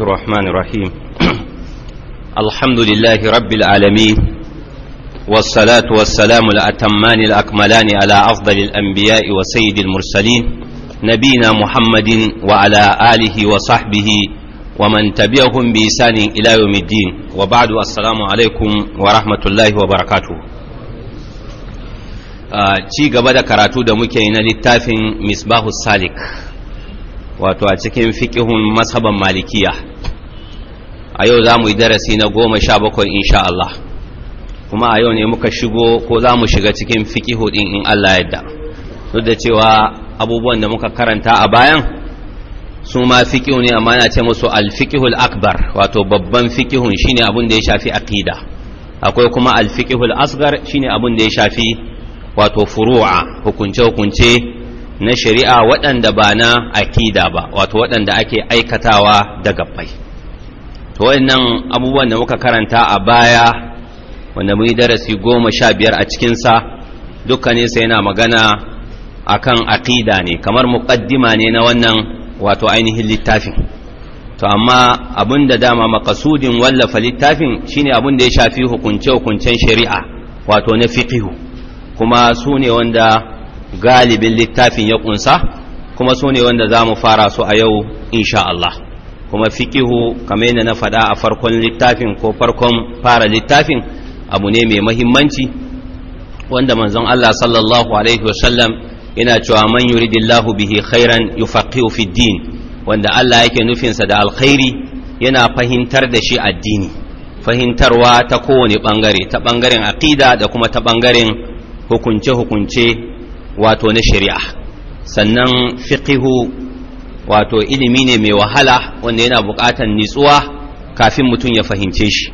الرحمن الرحيم الحمد لله رب العالمين والصلاة والسلام الأتمان الأكملان على أفضل الأنبياء وسيد المرسلين نبينا محمد وعلى آله وصحبه ومن تبعهم بإسان إلى يوم الدين وبعد السلام عليكم ورحمة الله وبركاته ci gaba da karatu da muke yi na littafin misbahu salik wato a cikin fiƙihun masaban malikiya a yau za mu yi darasi na goma sha bakwai insha Allah kuma a yau ne muka shigo ko za mu shiga cikin fiƙihu ɗin in Allah yadda duk da cewa abubuwan da muka karanta a bayan su ma fiƙihu ne amma yana ce musu alfiƙihul akbar wato babban fiƙihun shine abin da ya shafi aƙida akwai kuma alfiƙihul asgar shine abin da ya shafi wato furu'a hukunce-hukunce na shari'a waɗanda ba na akida ba wato waɗanda ake aikatawa da gabbai to wannan abubuwan da muka karanta a baya wanda mu yi darasi goma sha biyar a cikinsa dukkan sai yana magana akan akida ne kamar muƙaddima ne na wannan wato ainihin littafin to amma abin da dama makasudin wallafa littafin shine abin da ya shafi hukunce-hukuncen shari'a wato na fiqihu kuma su ne wanda galibin littafin ya kunsa kuma su ne wanda za mu fara su a yau insha Allah kuma fikihu kamar yadda na faɗa a farkon littafin ko farkon fara littafin abu ne mai mahimmanci wanda manzon Allah sallallahu alaihi wasallam yana cewa man yuridillahu bihi khairan yufaqihu fi din wanda Allah yake nufinsa da alkhairi yana fahimtar da shi addini fahimtarwa ta kowane bangare ta bangaren aqida da kuma ta bangaren hukunce-hukunce wato na shari'a sannan fiqihu wato ilimi ne mai wahala wanda yana buƙatar nitsuwa kafin mutum ya fahimce shi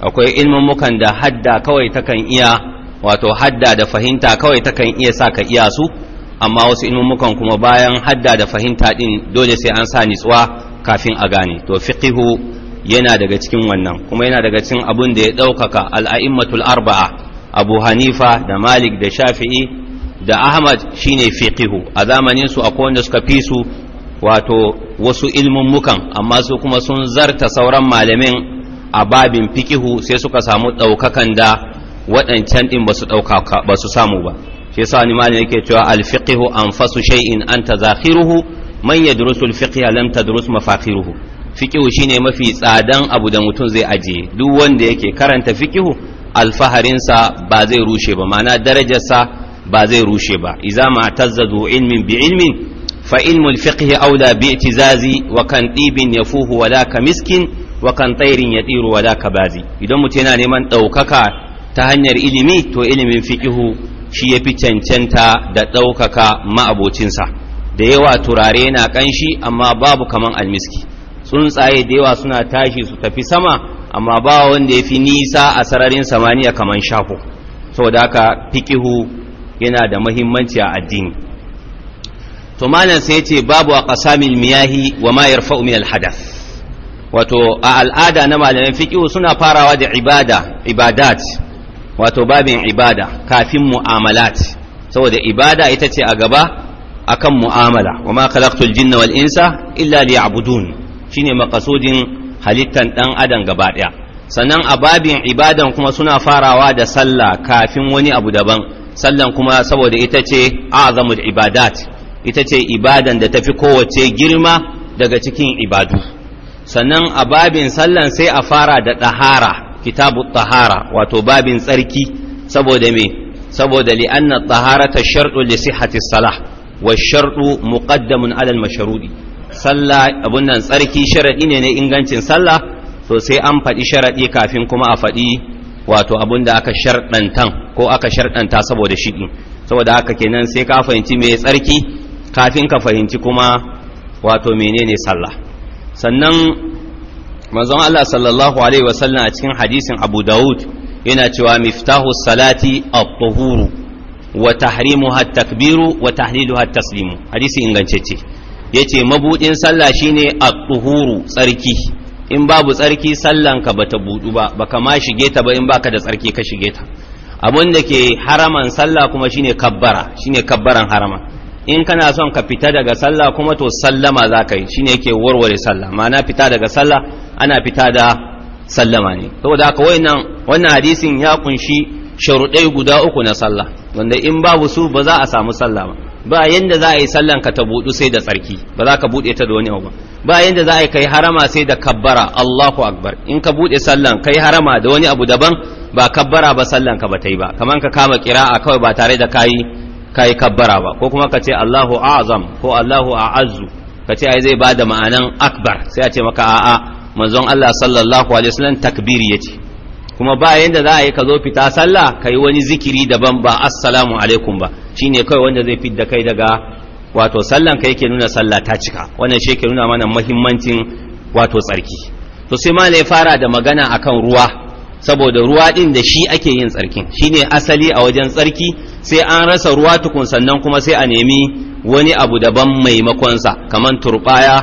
akwai mukan da hadda kawai takan iya wato hadda da fahimta kawai takan iya sa ka iya su amma wasu mukan kuma bayan hadda da fahimta din dole sai an sa nitsuwa kafin a gane to fiqihu yana daga cikin wannan kuma yana daga cikin abin da ya ɗaukaka al'a'immatul arba'a abu hanifa da malik da shafi'i da ahmad shine fiqihu a zamanin su akwai wanda suka fi su wato wasu mukan amma su kuma sun zarta sauran malamin a babin fiqihu sai suka samu ɗaukakan da waɗancan ɗin ba su ɗaukaka ba su samu ba shi yasa ni malamin yake cewa alfiqihu anfasu shay'in anta zakhiruhu man yadrusu alfiqha lam tadrus mafaqiruhu fiqihu shine mafi tsadan abu da mutum zai ajiye duk wanda yake karanta fiqihu alfaharinsa ba zai rushe ba ma'ana darajarsa ba zai rushe ba iza ma tazzadu ilmin bi ilmin fa ilmul fiqhi aula bi itizazi wa kan dibin yafuhu wala ka miskin wa kan tairin yatiru wala ka bazi idan mutum yana neman ɗaukaka ta hanyar ilimi to ilimin fiqihu shi yafi cancanta da ɗaukaka ma'abocinsa da yawa turare na kanshi amma babu kaman almiski tsuntsaye da yawa suna tashi su tafi sama amma ba wanda ya fi nisa a sararin samaniya kaman shafo saboda haka fiqihu yana da mahimmanci a addini to malam sai yace babu aqsamil miyahi wa ma yarfa'u min al wato a al'ada na malamin fiqh suna farawa da ibada ibadat wato babin ibada kafin mu'amalat saboda ibada ita ce a gaba akan mu'amala wa ma khalaqtul jinna wal insa illa liya'budun shine makasudin halittan dan adam gaba daya sannan a babin ibadan kuma suna farawa da sallah kafin wani abu daban sallan kuma saboda ita ce azamul ibadat ita ce ibadan da tafi kowace girma daga cikin ibadu sannan a babin sallan sai a fara da ɗahara kitabu ɗahara wato babin tsarki saboda me saboda li'anna ta sharɗu li sihhati salah wa shardu muqaddamun alal masharudi sallah abun nan tsarki sharaɗi ne na ingancin sallah to sai an faɗi sharaɗi kafin kuma a faɗi wato abun da aka sharɗantan ko aka sharɗanta saboda shiɗi saboda haka kenan sai ka fahimci mai tsarki kafin ka fahimci kuma wato menene sallah sannan manzon Allah sallallahu alaihi wasallam a cikin hadisin Abu Dawud yana cewa miftahu salati at-tuhuru wa tahrimuha at-takbiru wa tahliluha at-taslimu hadisi ingantacce yace mabudin sallah shine at-tuhuru tsarki in babu tsarki sallanka bata budu ba baka ma shige ta ba in baka da tsarki ka shige ta abin da ke haraman sallah kuma shine kabbara shine kabbaran harama in kana son ka fita daga sallah kuma to sallama za ka yi shine yake warware sallah ma'ana fita daga sallah ana fita da sallama ne saboda haka wannan wannan hadisin ya kunshi sharuɗai guda uku na sallah wanda in babu su ba za a samu sallah ba ba yanda za a yi sallan ka ta buɗu sai da tsarki ba za ka buɗe ta da wani abu ba yanda za a yi kai harama sai da kabbara Allahu akbar in ka buɗe sallan kai harama da wani abu daban ba kabbara ba sallan ka ba ta yi ba kaman ka kama kira'a kawai ba tare da kayi kayi kabbara ba ko kuma ka ce Allahu azam ko Allahu a'azzu ka ce ai zai bada ma'anan akbar sai a ce maka a'a manzon Allah sallallahu alaihi wasallam takbiri yace kuma ba yadda za a yi ka zo fita sallah ka yi wani zikiri daban ba assalamu alaikum ba shine kawai wanda zai fidda kai daga wato sallan ka yake nuna sallah ta cika wannan shi ke nuna mana mahimmancin wato tsarki to sai ma ya fara da magana akan ruwa saboda ruwa din da shi ake yin tsarkin shine asali a wajen tsarki sai an rasa ruwa tukun sannan kuma sai a nemi wani abu daban maimakonsa kamar turbaya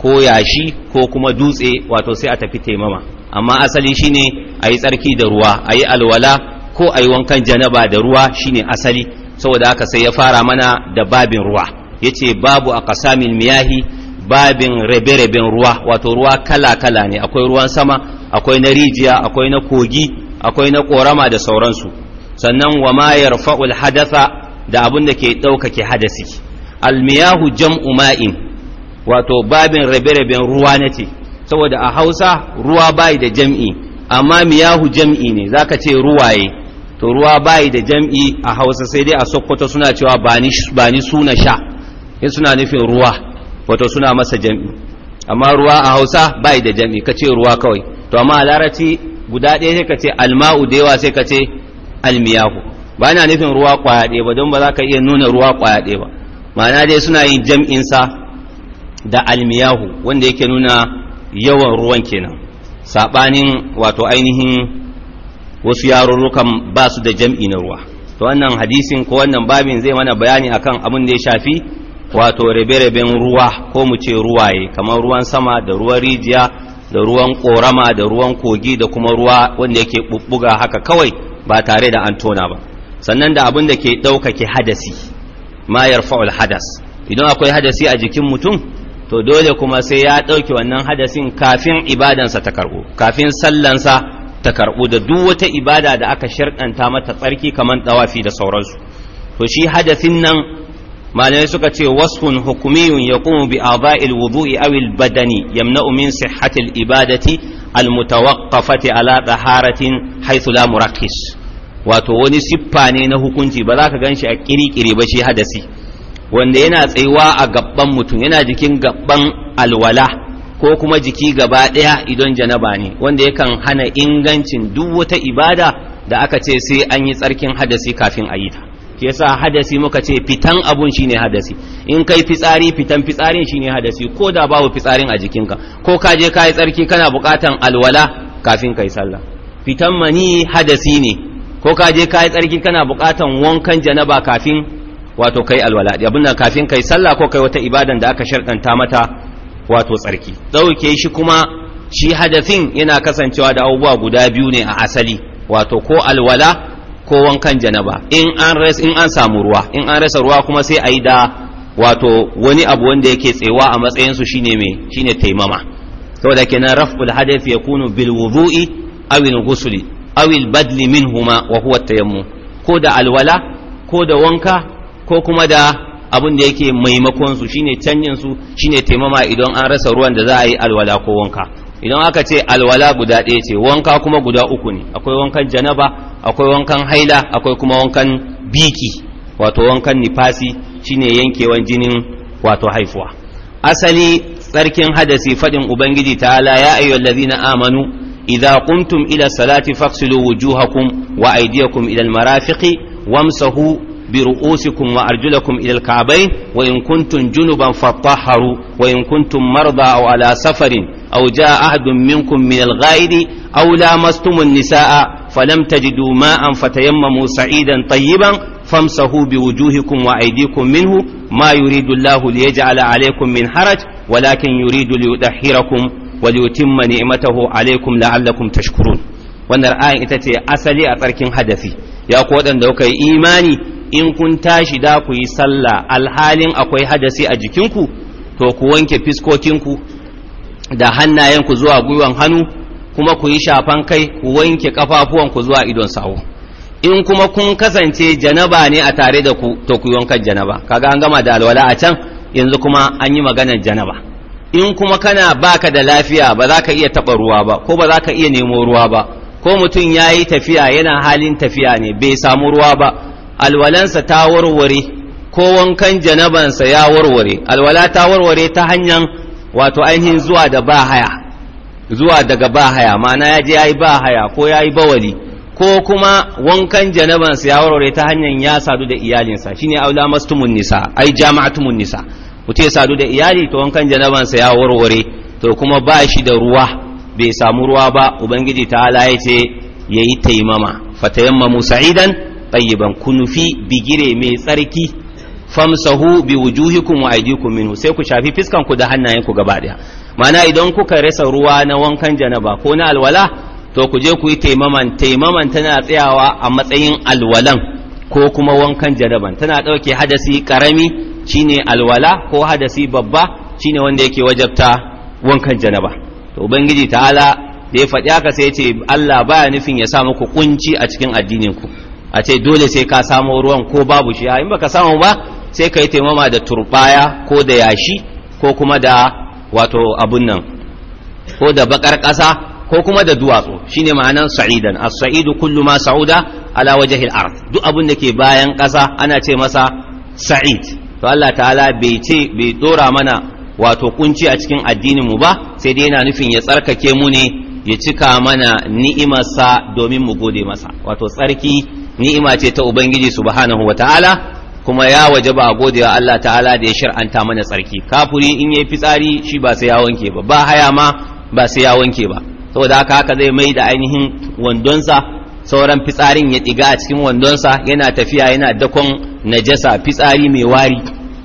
ko yashi ko kuma dutse wato sai a tafi taimama amma asali shine a yi tsarki da ruwa a yi alwala ko a yi wankan janaba da ruwa shine asali saboda haka sai ya fara mana da babin ruwa ya ce babu a kasamin miyahi babin rabe-raben ruwa wato ruwa kala-kala ne akwai ruwan sama akwai na rijiya akwai na kogi akwai na korama da sauransu sannan wa ma yarfa'ul hadatha da abin da ke ɗaukake hadasi almiyahu jam'u ma'in wato babin rabe-raben ruwa na ce saboda a hausa ruwa bai da jam'i amma miyahu jam'i ne zaka ce ruwaye to ruwa bai da jam'i a hausa sai dai a sokoto suna cewa bani ni suna sha in suna nufin ruwa wato suna masa jam'i amma ruwa a hausa bai da jam'i kace ruwa kawai to amma a larabci guda ɗaya sai ka ce alma'u da yawa sai ka ce almiyahu ba na nufin ruwa kwaya ɗaya ba don ba za ka iya nuna ruwa kwaya ɗaya ba ma'ana dai suna yin jam'insa da almiyahu wanda yake nuna yawan ruwan kenan saɓanin wato ainihin wasu yarurrukan ba su da jam'i na ruwa to wannan hadisin ko wannan babin zai mana bayani akan abin da ya shafi wato rabe-raben ruwa ko mu ce ruwaye kamar ruwan sama da ruwan rijiya da ruwan korama da ruwan kogi da kuma ruwa wanda yake bubbuga haka kawai ba tare da an tona ba sannan da abin da ke ɗaukake hadasi ma yarfa'ul hadas idan akwai hadasi a jikin mutum to dole kuma sai ya ɗauke wannan hadasin kafin ibadansa ta karɓo kafin sallansa ta karɓo da duk wata ibada da aka sharɗanta mata tsarki kamar ɗawafi da sauransu to shi hadasin nan malamai suka ce wasfun hukumiyun ya kuma bi aba'il wudu'i awil badani yamna'u min sihhatil ibadati almutawaqqafati ala taharatin haythu la muraqqis wato wani siffa ne na hukunci ba za ka ganshi a kirikiri ba shi hadasi wanda yana tsayuwa a gaban mutum yana jikin gaban alwala ko kuma jiki gaba ɗaya idan janaba ne wanda yakan hana ingancin duk wata ibada da aka ce sai an yi tsarkin hadasi kafin a yi ta shi yasa hadasi muka ce fitan abun shine hadasi in kai fitsari fitan fitsarin shine hadasi ko da babu fitsarin a jikinka ko ka je ka yi tsarki kana buƙatan alwala kafin kai sallah fitan mani hadasi ne ko ka je ka yi tsarki kana bukatan wankan janaba kafin wato kai alwala abin nan kafin kai sallah ko kai wata ibadan da aka sharɗanta mata wato tsarki Dauke shi kuma shi hadafin yana kasancewa da abubuwa guda biyu ne a asali wato ko alwala ko wankan janaba in an res in an samu ruwa in an rasa ruwa kuma sai a yi da wato wani abu wanda yake tsewa a matsayin su shine me shine taimama saboda kenan raf'ul hadath yakunu bil wudu'i aw al ghusli aw al badli minhuma wa huwa tayammum ko da alwala ko da wanka ko kuma da abin da yake maimakon su shine canyin su shine taimama idan an rasa ruwan da za a yi alwala ko wanka idan aka ce alwala guda ɗaya ce wanka kuma guda uku ne akwai wankan janaba akwai wankan haila akwai kuma wankan biki wato wankan nifasi shine yankewan jinin wato haifuwa asali tsarkin hadasi fadin ubangiji ta'ala ya ayyuhal ladzina amanu idza qumtum ila salati faghsilu wujuhakum wa aydiyakum ila al-marafiqi wamsahu bi ru'usikum wa arjulakum ila al-ka'bayn wa in kuntum junuban fatahharu wa in kuntum marda aw ala safarin aw jaa ahadun minkum min al-ghaidi aw lamastum an-nisaa falam tajidu ma'an fatayammamu sa'idan tayyiban famsahu bi biwujuhikum wa aydikum minhu ma yuridu Allahu liyaj'ala alaykum min haraj walakin yuridu liyudahhirakum wa liyutimma ni'matahu alaykum la'allakum tashkurun wannan ra'ayin ita ce asali a tsarkin hadafi ya ku waɗanda kuka yi imani in kun tashi da ku yi sallah alhalin akwai hadasi a jikinku to ku wanke fiskokinku da hannayenku zuwa gwiwan hannu kuma ku yi shafan kai ku wanke ku zuwa idon sawu in kuma kun kasance janaba ne a tare da ku to ku wankan janaba kaga an gama da alwala a can yanzu kuma an yi maganar janaba in kuma kana baka da lafiya ba za ka iya taɓa ruwa ba ko ba za ka iya nemo ruwa ba ko mutum ya yi tafiya yana halin tafiya ne bai samu ruwa ba alwalansa ta warware ko wankan janabansa ya warware alwala ta warware ta hanyar wato ainihin zuwa da ba haya zuwa daga ba haya ma'ana ya je ya yi ba haya ko ya yi bawali ko kuma wankan janabansa ya warware ta hanyar ya sadu da iyalinsa shine aula mastumun nisa ai jama'atumun nisa mutum ya sadu da iyali to wankan janabansa ya warware to kuma ba shi da ruwa bai samu ruwa ba ubangiji ta ya ce ya yi taimama Musa sa'idan tayyiban ku nufi bigire mai tsarki famsahu bi wujuhikum wa aydikum minhu sai ku shafi fiskan ku da hannayen ku gaba daya ma'ana idan kuka rasa ruwa na wankan janaba ko na alwala to ku je ku yi taimaman taimaman tana tsayawa a matsayin alwalan ko kuma wankan janaban tana dauke hadasi karami shine alwala ko hadasi babba shine wanda yake wajabta wankan janaba to ubangiji ta'ala da ya faɗi haka sai ce Allah baya nufin ya sa muku kunci a cikin addinin ku a ce dole sai ka samo ruwan ko babu shi in baka samu ba sai ka yi taimama da turbaya ko da yashi ko kuma da wato abun nan ko da bakar ƙasa ko kuma da duwatsu shine ma'anan sa'idan as-sa'idu kullu ma sa'uda ala wajhil ard duk abun da ke bayan ƙasa ana ce masa sa'id to Allah ta'ala bai ce bai dora mana wato kunci a cikin addinin mu ba sai dai yana nufin ya tsarkake mu ne ya cika mana ni'imarsa domin mu gode masa wato tsarki ni'ima ce ta ubangiji subhanahu wataala kuma ya wajaba a godewa Allah ta'ala da ya shar'anta mana tsarki kafuri in yayi fitsari shi ba sai ya wanke ba ba haya ma ba sai ya wanke ba saboda haka haka zai mai da ainihin wandonsa sauran fitsarin ya ɗiga a cikin wandonsa yana tafiya yana dakon najasa fitsari mai wari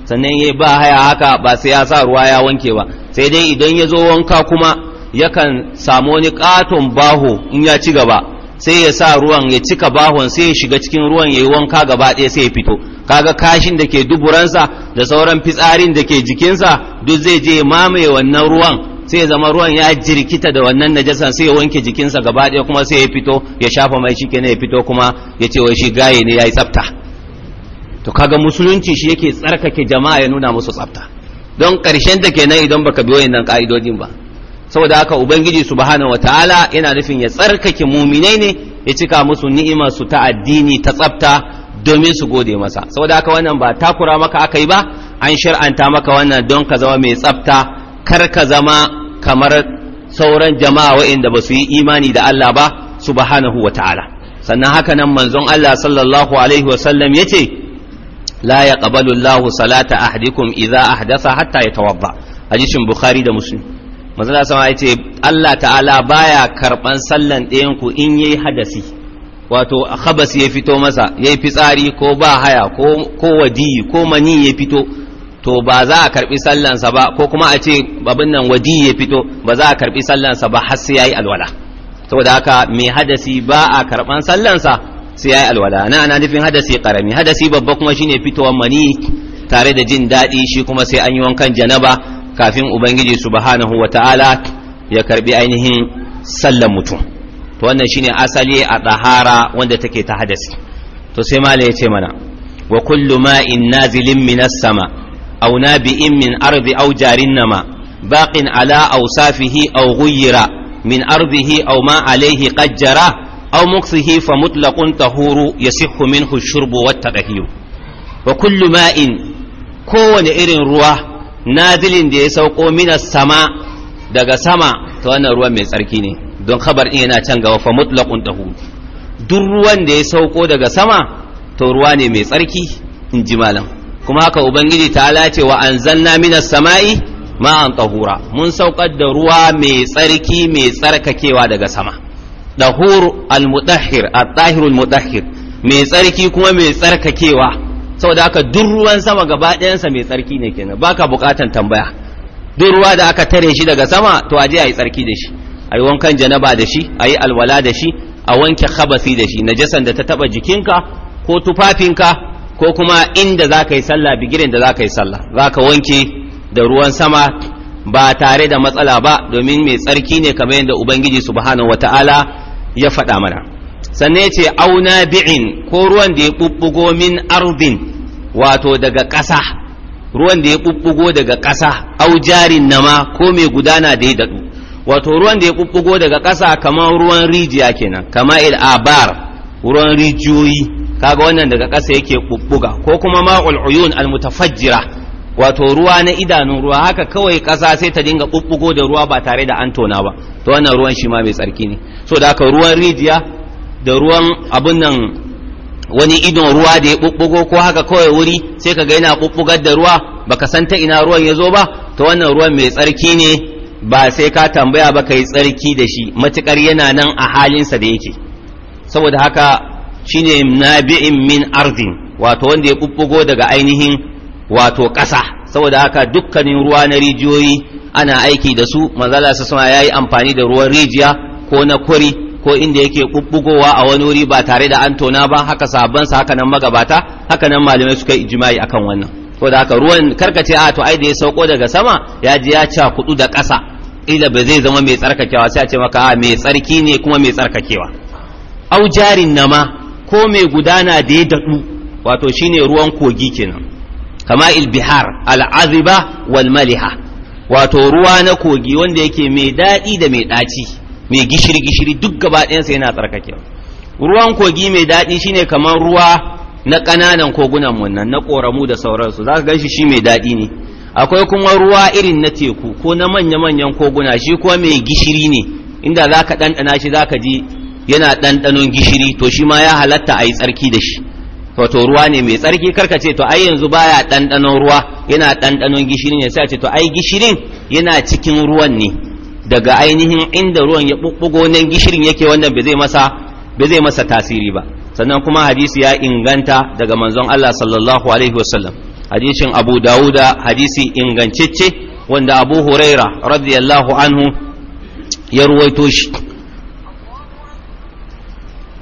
sannan yayi ba haya haka ba sai ya sa ruwa ya wanke ba sai dai idan ya zo wanka kuma yakan samu wani katon baho in ya ci gaba sai ya sa ruwan ya cika bahon sai ya shiga cikin ruwan ya yi wanka gaba ɗaya sai ya fito kaga kashin da ke duburansa da sauran fitsarin da ke jikinsa duk zai je mamaye wannan ruwan sai ya zama ruwan ya jirkita da wannan najasan sai ya wanke jikinsa gaba ɗaya kuma sai ya fito ya shafa mai shi ya fito kuma ya ce wai shi gaye ne ya yi tsafta to kaga musulunci shi yake tsarkake jama'a ya nuna musu tsafta don ƙarshen da kenan idan baka bi wayannan ka'idodin ba saboda haka ubangiji subhanahu wataala yana nufin ya tsarkake muminai ne ya cika musu ni'imar su ta addini ta tsafta domin su gode masa saboda haka wannan ba takura maka akai ba an shar'anta maka wannan don ka zama mai tsafta kar ka zama kamar sauran jama'a waɗanda ba su yi imani da Allah ba subhanahu wataala sannan haka nan manzon Allah sallallahu alaihi wasallam yace la yaqbalu Allahu salata ahdikum idza ahdasa hatta yatawadda hadisin bukhari da muslim manzala sama ya ce Allah ta'ala baya karban sallan ɗayan in yayi hadasi wato habas ya fito masa yayi fitsari ko ba haya ko ko wadi ko mani ya fito to ba za a karbi sallansa ba ko kuma a ce babin nan wadiyi ya fito ba za a karbi sallansa ba har sai yayi alwala saboda haka mai hadasi ba a karban sallansa sai yayi alwala na ana nufin hadasi karami hadasi babba kuma shine fitowar mani tare da jin daɗi shi kuma sai an yi wankan janaba kafin ubangiji subhanahu ta'ala ya karbi ainihin sallan mutum to wannan shine asali a ɗahara wanda take ta hadasi to sai mala ya ce mana wa kullu ma'in nazilin minas sama aw nabi'in min arzi a'u jarin nama baƙin ala awsafihi au guyira min arzihi au ma ƙajjara au jara muksihi fa mutlaqun tahuru yasihhu minhu ash-shurbu wat-tadhiyu wa kullu ma'in kowane irin ruwa nazilin da ya sauko mina sama daga sama to wannan ruwan mai tsarki ne don khabar ɗin yana can gaba fa mutlaqun tahu duk ruwan da ya sauko daga sama to ruwa ne mai tsarki in ji malam kuma haka ubangiji ta ce wa anzalna minas sama'i an tahura mun saukar da ruwa mai tsarki mai tsarkakewa daga sama dahur al mutahhir at-tahirul mutahhir mai tsarki kuma mai tsarkakewa saboda haka duk ruwan sama gaba ɗayansa mai tsarki ne kenan baka bukatan tambaya duk ruwa da aka tare shi daga sama to aje ayi tsarki da shi ayi wankan janaba da shi ayi alwala da shi a wanke khabasi da shi najasan da ta taba jikinka ko tufafinka ko kuma inda za ka yi sallah bigirin da za ka yi sallah za ka wanke da ruwan sama ba tare da matsala ba domin mai tsarki ne kamar yadda ubangiji subhanahu wataala ya faɗa mana sannan ce auna bi'in ko ruwan da ya ɓuɓɓugo min ardin wato daga ƙasa ruwan da ya ɓuɓɓugo daga ƙasa au jarin nama ko mai gudana da ya daɗu wato ruwan da ya ɓuɓɓugo daga ƙasa kamar ruwan rijiya kenan kamar il abar ruwan rijiyoyi kaga wannan daga ƙasa yake ɓuɓɓuga ko kuma ma'ul uyun al mutafajjira wato ruwa na idanun ruwa haka kawai ƙasa sai ta dinga ɓuɓɓugo da ruwa ba tare da an tona ba to wannan ruwan shi ma mai tsarki ne so da haka ruwan rijiya da ruwan abunan nan wani idon ruwa da ya ɓuɓɓugo ko haka kawai wuri sai ka yana ɓuɓɓugar da ruwa baka san ta ina ruwan ya zo ba Ta wannan ruwan mai tsarki ne ba sai ka tambaya ba ka yi tsarki da shi matukar yana nan a halinsa da yake saboda haka shine nabi'in min ardin wato wanda ya ɓuɓɓugo daga ainihin wato ƙasa saboda haka dukkanin ruwa na rijiyoyi ana aiki da su manzala su ya yi amfani da ruwan rijiya ko na kuri ko inda yake kubbugowa a wani wuri ba tare da an tona ba haka sabon sa haka nan magabata haka nan malamai suka yi ijma'i akan wannan ko da haka ruwan karkace a to ai da ya sauko daga sama ya ji ya ca kudu da ƙasa ila ba zai zama mai tsarkakewa sai a ce maka a mai tsarki ne kuma mai tsarkakewa au jarin nama ko mai gudana da ya daɗu wato shine ruwan kogi kenan kama ilbihar aziba wal maliha wato ruwa na kogi wanda yake mai daɗi da mai ɗaci mai gishiri gishiri duk gaba ɗayansa yana tsarkake ruwan kogi mai daɗi shine kamar ruwa na ƙananan kogunan mu na ƙoramu da sauransu za ka gan shi mai daɗi ne akwai kuma ruwa irin na teku ko na manya-manyan koguna shi kuma mai gishiri ne inda za ka ɗanɗana shi za ka ji yana ɗanɗanon gishiri to shi ma ya halatta a yi tsarki da shi wato ruwa ne mai tsarki karka ce to ai yanzu baya ɗanɗanon ruwa yana ɗanɗanon gishiri ne sai ce to ai gishirin yana cikin ruwan ne daga ainihin inda ruwan ya bubbugo nan gishirin yake wannan ba zai masa zai masa tasiri ba sannan kuma hadisi ya inganta daga manzon Allah sallallahu alaihi wasallam hadisin Abu Dawuda hadisi ingancicce wanda Abu Huraira radiyallahu anhu ya ruwaito shi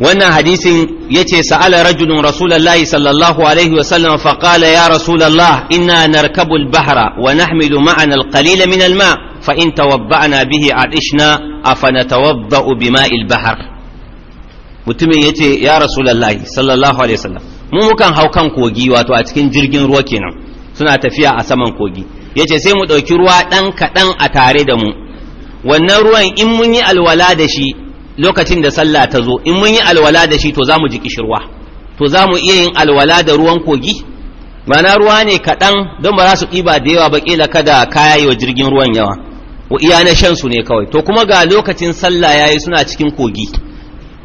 wannan hadisin yace sa'ala rajulun rasulullahi sallallahu alaihi wasallam faqala ya rasulullah inna narkabul bahra wa nahmilu ma'ana al min al-ma' fa in tawabba'na bihi adishna afanatawabba'u bima'il bahar mutumin yace ya rasulullahi sallallahu alaihi wasallam mu mukan hau kan kogi wato a cikin jirgin ruwa kenan suna tafiya a saman kogi yace sai mu ɗauki ruwa ɗan kaɗan a tare da mu wannan ruwan in mun yi alwala da shi lokacin da sallah ta zo in mun yi alwala da shi to za mu ji kishirwa to za mu iya yin alwala da ruwan kogi mana ruwa ne kaɗan don ba za su ɗiba da yawa ba kila kada kaya yi wa jirgin ruwan yawa wa iya na shan su ne kawai to kuma ga lokacin sallah yayi suna cikin kogi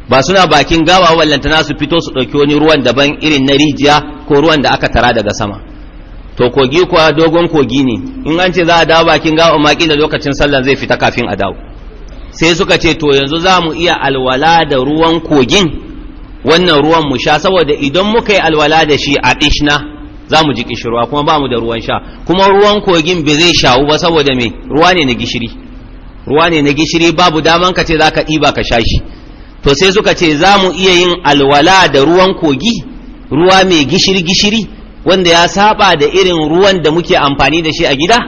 ba suna bakin gawa na su fito su ɗauki wani ruwan daban irin na rijiya ko ruwan da aka tara daga sama to kogi kuwa dogon kogi ne in an ce za a dawo bakin gawa ma kila lokacin sallah zai fita kafin a dawo sai suka ce to yanzu za mu iya alwala da ruwan kogin wannan ruwan mu sha saboda idan muka yi alwala da shi a ɗishna za mu ji kishirwa kuma ba mu da ruwan sha kuma ruwan kogin bai zai shawu ba saboda me ruwa ne na gishiri ruwa ne na gishiri babu daman ka ce za ka ɗiba ka sha shi to sai suka ce za mu iya yin alwala da ruwan kogi ruwa mai gishiri gishiri wanda ya saba da irin ruwan da muke amfani da shi a gida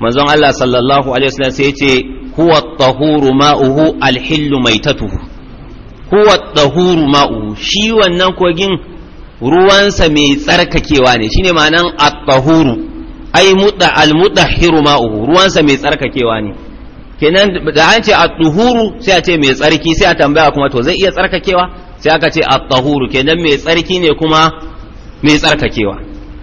manzon Allah sallallahu alaihi wasallam sai ya ce huwa tahuru ma'uhu alhillu maitatuhu huwa tahuru ma'uhu shi wannan kogin ruwansa mai tsarkakewa ne shine ma'anan at-tahuru ai mudda al-mudahhiru ma'uhu ruwansa mai tsarkakewa ne kenan da an ce at-tuhuru sai a ce mai tsarki sai a tambaya kuma to zai iya tsarkakewa sai aka ce at-tahuru kenan mai tsarki ne kuma mai tsarkakewa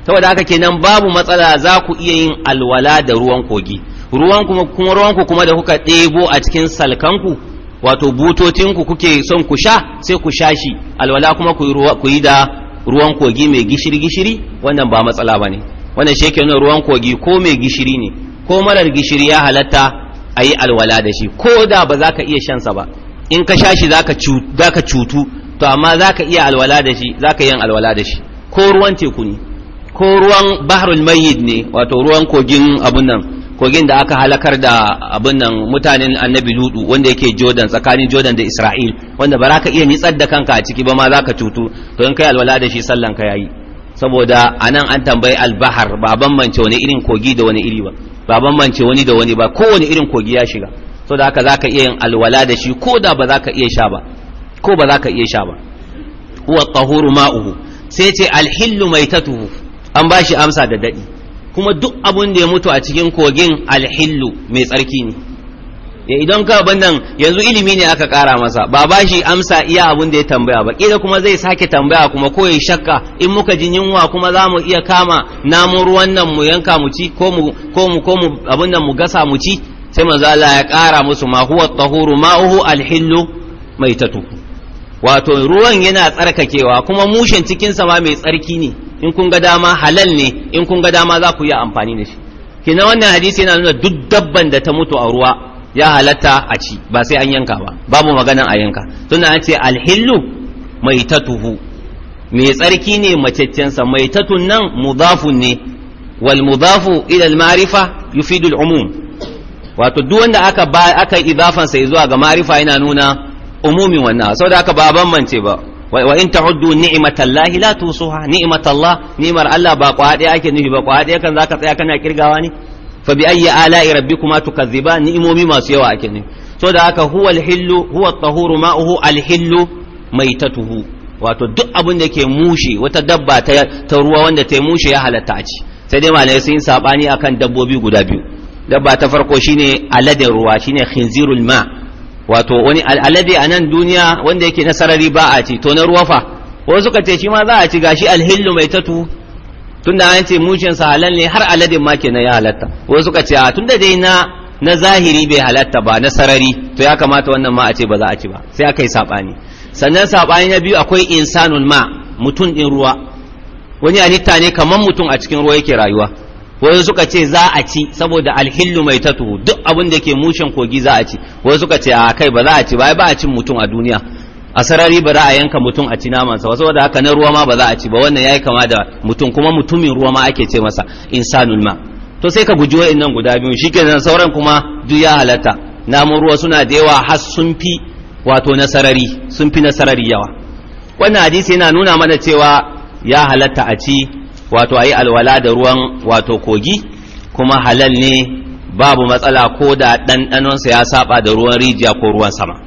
saboda haka kenan babu matsala za ku iya yin alwala da ruwan kogi ruwan kuma kuma ruwanku kuma da kuka ɗebo a cikin salkanku wato butotinku kuke son ku sha sai ku sha shi alwala kuma ku yi da ruwan kogi mai gishiri gishiri wannan ba matsala ba ne wannan shi nuna ruwan kogi ko mai gishiri ne ko marar gishiri ya halatta a yi alwala da shi ko da ba za ka iya shansa ba in ka sha shi za ka cutu to amma za ka iya alwala da shi za ka yin alwala da shi ko ruwan teku ne ko ruwan bahrul mayyid ne wato ruwan kogin abun nan kogin da aka halakar da abin nan mutanen annabi ludu wanda yake jordan tsakanin jordan da isra'il wanda ba za ka iya nitsar da kanka a ciki ba ma za ka cutu to in kai alwala da shi sallan ka yayi saboda anan an tambayi albahar ba mance wani irin kogi da wani iri ba ba mance wani da wani ba kowane irin kogi ya shiga saboda da haka za ka iya yin alwala da shi ko da ba za ka iya sha ba ko ba za ka iya sha ba huwa tahuru ma'uhu sai ce alhillu maitatuhu an bashi amsa da dadi kuma duk abun da ya mutu a cikin kogin alhillu mai tsarki ne ya idan ka nan yanzu ilimi ne aka kara masa ba ba shi amsa iya abun da ya tambaya ba kila kuma zai sake tambaya kuma ko ya shakka in muka ji yunwa kuma za mu iya kama namun ruwan nan mu yanka mu ci ko mu ko mu ko abun nan mu gasa mu ci sai manzo Allah ya kara musu ma huwa tahuru huwa alhillu maitatu wato ruwan yana tsarkakewa kuma mushin cikin sa ma mai tsarki ne in kun ga dama halal ne in kun ga dama za ku yi amfani da shi kenan wannan hadisi yana nuna duk dabban da ta mutu a ruwa ya halatta a ci ba sai an yanka ba babu magana a yanka tunda an ce alhillu mai tatuhu mai tsarki ne macecensa mai tatun nan mudafun ne wal mudafu ila al ma'rifa yufidu al umum wato duk wanda aka ba aka idafansa zuwa ga ma'rifa yana nuna umumin wannan saboda aka ba bambance ba wa in ta'uddu ni'matallahi la tusuha ni'matallah ni'mar Allah ba kwade ake nufi ba kwade kan zaka tsaya kana kirgawa ni. fa bi ayyi ala'i rabbikuma tukazziban ni'imomi masu yawa ake nufi so da haka huwa al-hillu huwa at-tahuru ma'uhu al wato duk abin da ke mushe wata dabba ta ruwa wanda ta mushe ya halatta a ci sai dai malamai sun yi sabani akan dabbobi guda biyu dabba ta farko shine aladen ruwa shine khinzirul ma' wato wani alade a nan duniya wanda yake na sarari ba a ci to na ruwa fa wasu suka ce shi ma za a ci gashi alhillu mai tatu tunda an ce mushin sa halal ne har aladin ma kenan ya halatta wasu suka ce a tunda dai na na zahiri bai halatta ba na sarari to ya kamata wannan ma a ce ba za a ci ba sai aka yi sabani sannan sabani na biyu akwai insanul ma mutum din ruwa wani halitta ne kamar mutum a cikin ruwa yake rayuwa Wai suka ce za a ci saboda alhillu mai tatuhu duk abin da ke mushen kogi za a ci wai suka ce a kai ba za a ci ba ba a cin mutum a duniya a sarari ba za a yanka mutum a ci namansa wasu wadda haka na ruwa ma ba za a ci ba wannan yayi kama da mutum kuma mutumin ruwa ma ake ce masa insanul ma to sai ka guji wa'annan guda biyu shikenan sauran kuma duk ya halatta namun ruwa suna da yawa har sun fi wato na sarari sun fi na sarari yawa wannan hadisi yana nuna mana cewa ya halatta a ci wato ayi alwala da ruwan wato kogi kuma halal ne babu matsala ko da ɗanɗanonsa ya saba da ruwan rijiya ko ruwan sama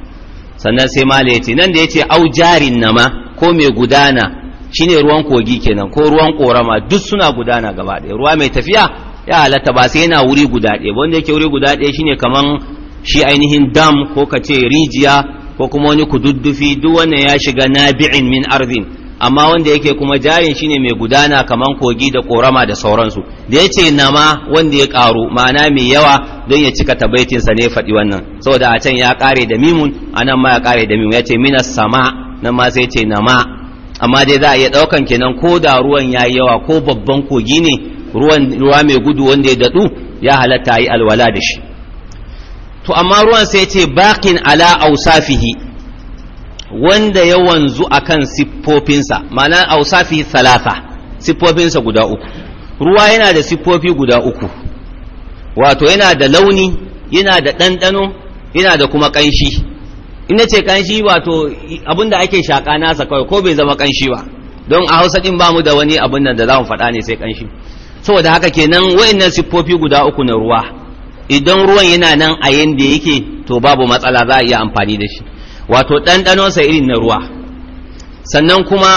sannan sai mala ya ce nan da ya ce au jarin nama ko mai gudana shine ruwan kogi kenan ko ruwan korama duk suna gudana gaba ɗaya ruwa mai tafiya ya halatta ba sai yana wuri guda ɗaya wanda yake wuri guda ɗaya shine kaman shi ainihin dam ko ka ce rijiya ko kuma wani kududdufi duk wannan ya shiga nabi'in min arzin amma wanda yake kuma jarin shine mai gudana kaman kogi da korama da sauransu da yace nama wanda ya karu ma'ana mai yawa don ya cika tabaitin sa ne faɗi wannan saboda a can ya kare da mimun anan ma ya kare da mimun yace minas sama nan ma sai yace nama amma dai za a iya daukan kenan ko da ruwan ya yi yawa ko babban kogi ne ruwan ruwa mai gudu wanda ya dadu ya halatta yi alwala da shi to amma ruwan sai yace baqin ala ausafihi wanda ya wanzu a kan siffofinsa ma'ana ausafi thalatha siffofinsa guda uku ruwa yana da siffofi guda uku wato yana da launi yana da ɗanɗano yana da kuma ƙanshi ina ce ƙanshi wato abin ake shaƙa nasa kawai ko bai zama ƙanshi ba don a hausa ɗin mu da wani abin nan da za mu faɗa ne sai ƙanshi saboda haka kenan wa'annan siffofi guda uku na ruwa idan ruwan yana nan a yanda yake to babu matsala za a iya amfani da shi wato ɗanɗanonsa irin na ruwa sannan kuma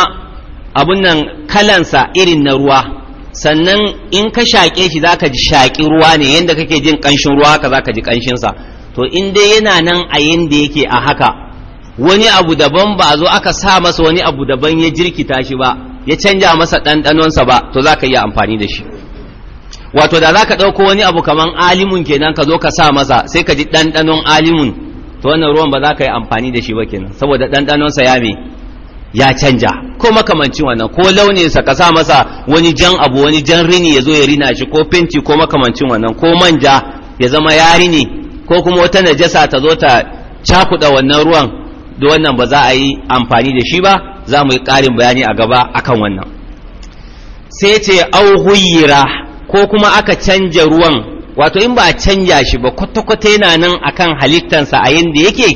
abun nan kalansa irin na ruwa sannan in ka shaƙe shi zaka ji shaƙi ruwa ne yadda kake jin ƙanshin ruwa haka zaka ji ƙanshinsa to in dai yana nan a yadda yake a haka wani abu daban ba a zo aka sa masa wani abu daban ya jirkita shi ba ya canja masa ɗanɗanonsa ba to za ka iya amfani da shi wato da za ka ɗauko wani abu kaman alimun kenan ka zo ka sa masa sai ka ji ɗanɗanon alimun to wannan ruwan ba za ka yi amfani da shi ba kenan saboda ɗanɗanonsa ya me ya canja ko makamancin wannan ko sa ka sa masa wani jan abu wani jan rini ya zo ya rina shi ko fenti ko makamancin wannan ko manja ya zama ya rini ko kuma wata najasa ta zo ta cakuɗa wannan ruwan da wannan ba za a yi amfani da shi ba za mu yi ƙarin bayani a gaba akan wannan sai ce au ko kuma aka canja ruwan wato in ba a canja shi ba kwata-kwata yana nan akan halittansa a yadda yake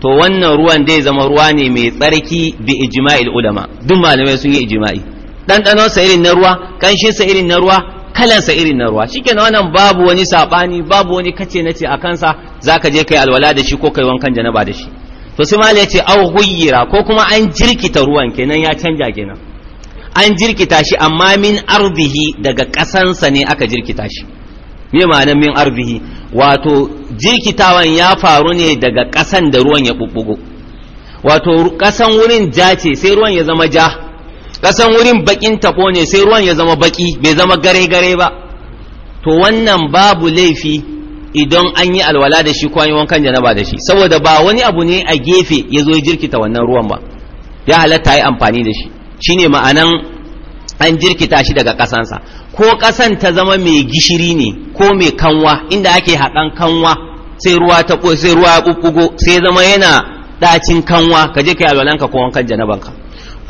to wannan ruwan dai zama ruwa ne mai tsarki bi ijma'il ulama duk malamai sun yi ijma'i ɗanɗanonsa irin na ruwa ƙanshinsa irin na ruwa kalansa irin na ruwa shike na wannan babu wani saɓani babu wani kace na ce a kansa za ka je kai alwala da shi ko kai wankan janaba da shi to sai malai ce au huyyira ko kuma an jirkita ruwan kenan ya canja kenan an jirkita shi amma min ardihi daga ƙasansa ne aka jirkita shi me ma'anar min arzihi wato jikitawan ya faru ne daga ƙasan da ruwan ya bubbugo wato kasan wurin ja ce sai ruwan ya zama ja ƙasan wurin bakin tako ne sai ruwan ya zama baki bai zama gare gare ba to wannan babu laifi idan an yi alwala da shi ko an yi wankan janaba da shi saboda ba wani abu ne a gefe ya zo ya jirkita wannan ruwan ba ya halatta yi amfani da shi shine ma'anan an jirkita shi daga ƙasansa ko kasan ta zama mai gishiri ne ko mai kanwa inda ake hakan kanwa sai ruwa ta sai ruwa ya kukkugo sai zama yana ɗacin kanwa ka je kai alwalanka ko wankan janabanka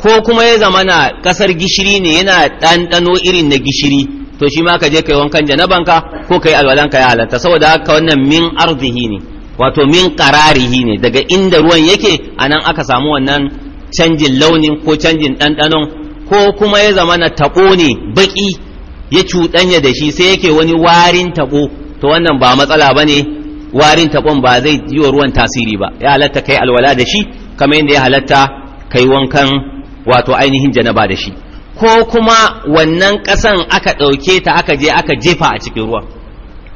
ko kuma ya zama na ƙasar gishiri ne yana ɗanɗano irin na gishiri to shi ma ka je kai wankan janabanka ko kai alwalanka ya halatta saboda haka wannan min arzihi ne wato min qararihi ne daga inda ruwan yake anan aka samu wannan canjin launin ko canjin ɗanɗanon ko kuma ya zama na taɓo ne baƙi ya cuɗanya da shi sai yake wani warin taɓo to wannan ba matsala ba ne warin taɓon ba zai yi wa ruwan tasiri ba ya halatta kai alwala da shi kamar yadda ya halatta kai wankan wato ainihin janaba da shi ko kuma wannan ƙasan aka ɗauke ta aka je aka jefa a cikin ruwa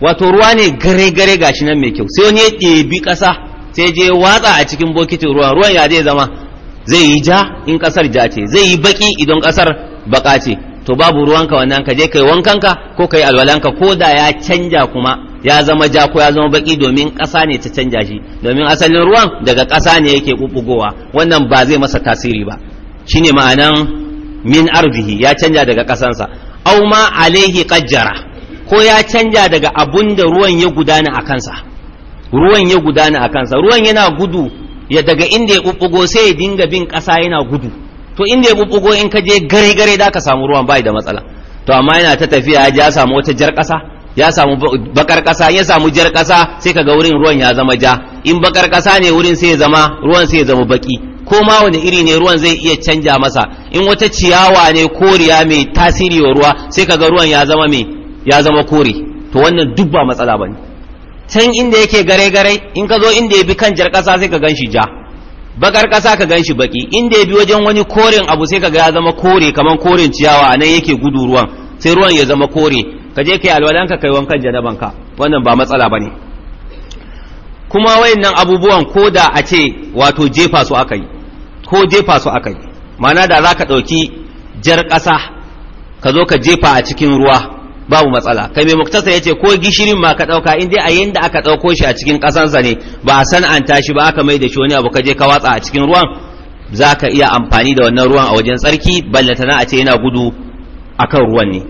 wato ruwa ne gare gare gashi nan mai kyau sai wani ya ɗebi ƙasa sai je watsa a cikin bokitin ruwa ruwan ya zai zama zai yi ja in kasar ja ce zai yi baki idan kasar baka ce to babu ruwanka wannan ka je kai ka ko kai alwalanka ko da ya canja kuma ya zama ja ko ya zama baki domin ƙasa ne ta canja shi domin asalin ruwan daga ƙasa ne yake bubugowa wannan ba zai masa tasiri ba shine ma'anan min ardihi ya canja daga ƙasansa au ma alaihi qajjara ko ya canja daga abunda ruwan ya gudana a kansa ruwan ya gudana a kansa ruwan yana gudu ya daga inda ya bubbugo sai ya dinga bin ƙasa yana gudu to inda ya bubbugo in ka je gare gare da ka samu ruwan bai da matsala to amma yana ta tafiya ya samu wata jar ƙasa ya samu bakar ƙasa ya samu jar ƙasa sai kaga wurin ruwan ya zama ja in bakar ƙasa ne wurin sai ya zama ruwan sai ya zama baki ko ma wani iri ne ruwan zai iya canja masa in wata ciyawa ne koriya mai tasiri wa ruwa sai kaga ruwan ya zama mai ya zama kore to wannan duk ba matsala bane can inda yake gare gare in ka zo inda ya bi kan jar kasa sai ka gan shi ja bakar kasa ka gan shi baki inda ya bi wajen wani koren abu sai ka ga ya zama kore kamar koren ciyawa a nan yake gudu ruwan sai ruwan ya zama kore ka je kai alwalanka kai wankan ka wannan ba matsala bane kuma wayannan abubuwan ko da a ce wato jefa su aka yi ko jefa su aka yi ma'ana da za ka ɗauki jar kasa ka zo ka jefa a cikin ruwa babu matsala kai mai muktasa ce ko gishirin ma ka dauka in dai a yanda aka dauko shi a cikin kasansa ne ba a an tashi ba aka mai da shi wani abu ka je ka watsa a cikin ruwan zaka iya amfani da wannan ruwan a wajen tsarki na a ce yana gudu akan ruwan ne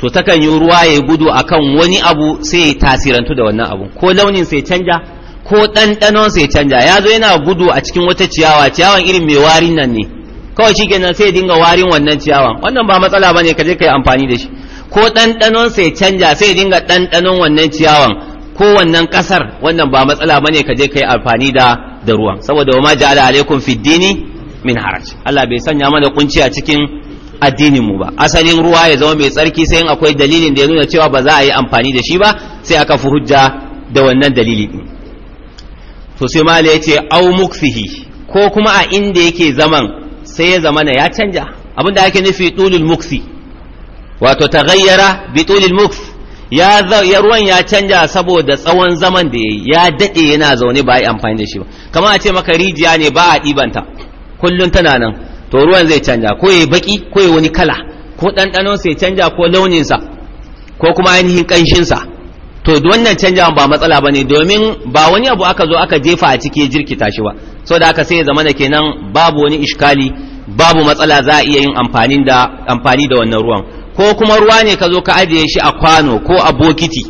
to takan yi ruwa ya gudu akan wani abu sai ya tasirantu da wannan abu ko launin sai canja ko ɗanɗanon sai canja ya zo yana gudu a cikin wata ciyawa ciyawan irin mai warin nan ne kawai shi kenan sai dinga warin wannan ciyawan wannan ba matsala ba ne ka je ka yi amfani da shi ko ɗanɗanon sai canja sai dinga ɗanɗanon wannan ciyawan ko wannan ƙasar wannan ba matsala bane ka je kai amfani da da ruwan saboda ma ja'ala alaikum fiddini dini min haraj Allah bai sanya mana kunci a cikin addinin mu ba asalin ruwa ya zama mai tsarki sai in akwai dalilin da ya nuna cewa ba za a yi amfani da shi ba sai aka fi hujja da wannan dalili din to sai mala yace au mukfihi ko kuma a inda yake zaman sai ya zamana ya canja abinda ake nufi dulul muksi wato ta gayyara bitulil mukth ya ruwan ya canja saboda tsawon zaman da yayi ya daɗe yana zaune ba yi amfani da shi ba kamar a ce maka rijiya ne ba a dibanta kullum tana nan to ruwan zai canja ko yayi baki ko yayi wani kala ko ɗanɗanon sai canja ko launin sa ko kuma ainihin kanshin sa to wannan canja ba matsala bane domin ba wani abu aka zo aka jefa a ciki ta shi ba saboda haka sai ya zama da kenan babu wani iskali babu matsala za a iya yin amfani da amfani da wannan ruwan ko kuma ruwa ne ka zo ka ajiye shi a kwano ko a bokiti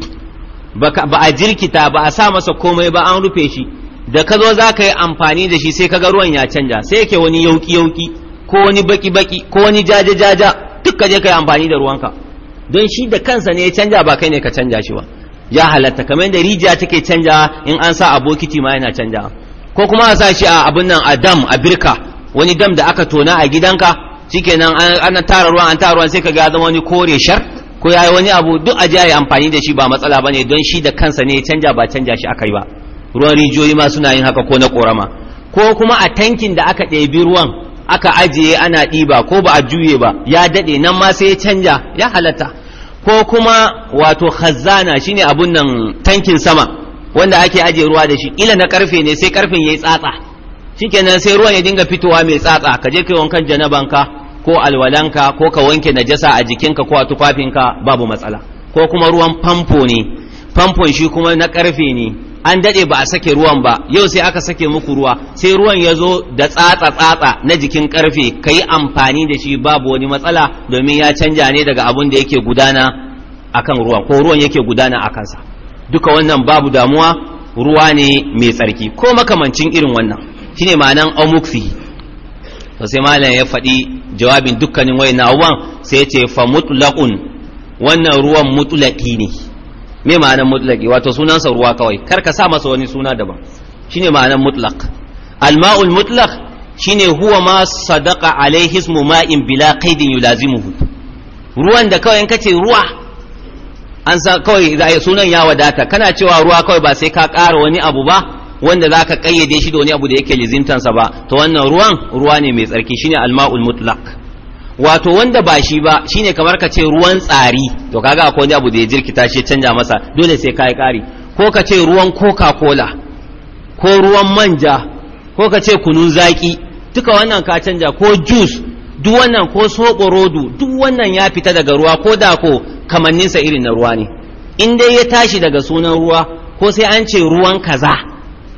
ba a jirkita ba a sa masa komai ba an rufe shi da ka zo za ka yi amfani da shi sai ka ga ruwan ya canja sai yake wani yauki yauki ko wani baki baki ko wani jaja jaja duk ka je ka yi amfani da ruwanka don shi da kansa ne ya canja ba kai ne ka canja shi ba ya halatta kamar da rijiya take canja in an sa a bokiti ma yana canja ko kuma a sa shi a abin nan a dam a birka wani dam da aka tona a gidanka nan an tara ruwan an tara ruwan sai kaga zama wani kore shar ko yayi wani abu duk a yi amfani da shi ba matsala bane don shi da kansa ne canja ba canja shi aka yi ba ruwan rijiyoyi ma suna yin haka ko na korama ko kuma a tankin da aka ɗebi ruwan aka ajiye ana ɗiba ko ba a juye ba ya daɗe nan ma sai ya canja ya halatta ko kuma wato khazana shine abun nan tankin sama wanda ake ajiye ruwa da shi ila na karfe ne sai karfin yayi tsatsa shikenan sai ruwan ya dinga fitowa mai tsatsa ka je kai wankan janabanka ko alwalanka ko ka wanke najasa a jikinka ko a tufafinka babu matsala ko kuma ruwan famfo ne famfon shi kuma na karfe ne an dade ba a sake ruwan ba yau sai aka sake muku ruwa sai ruwan ya zo da tsatsa tsatsa na jikin karfe ka yi amfani da shi babu wani matsala domin ya canja ne daga abun da yake gudana akan ruwa ko ruwan yake gudana a kansa duka wannan babu damuwa ruwa ne mai tsarki ko makamancin irin wannan shine ma'anan amuksihi to sai malam ya faɗi jawabin dukkanin wai abubuwan sai ya ce fa mutlaqun wannan ruwan mutlaqi ne me ma'anan mutlaqi wato sunansa ruwa kawai kar ka sa masa wani suna daban shine ma'anan mutlaq alma'ul mutlaq shine huwa ma sadaqa alaihi ismu ma'in bila qaidin yulazimuhu ruwan da kawai in kace ruwa an sa kawai sunan ya wadata kana cewa ruwa kawai ba sai ka ƙara wani abu ba wanda za ka kayyade shi da wani abu da yake lizimtansa ba to wannan ruwan ruwa ne mai tsarki shine alma'ul mutlaq wato wanda ba shi ba shine kamar ka ce ruwan tsari to kaga akwai wani abu da ya jirkita shi canja masa dole sai kai kari ko ka ce ruwan coca cola ko ruwan manja ko ka ce kunun zaki duka wannan ka canja ko juice duk wannan ko soɓo rodu duk wannan ya fita daga ruwa ko da ko kamanninsa irin na ruwa ne in dai ya tashi daga sunan ruwa ko sai an ce ruwan kaza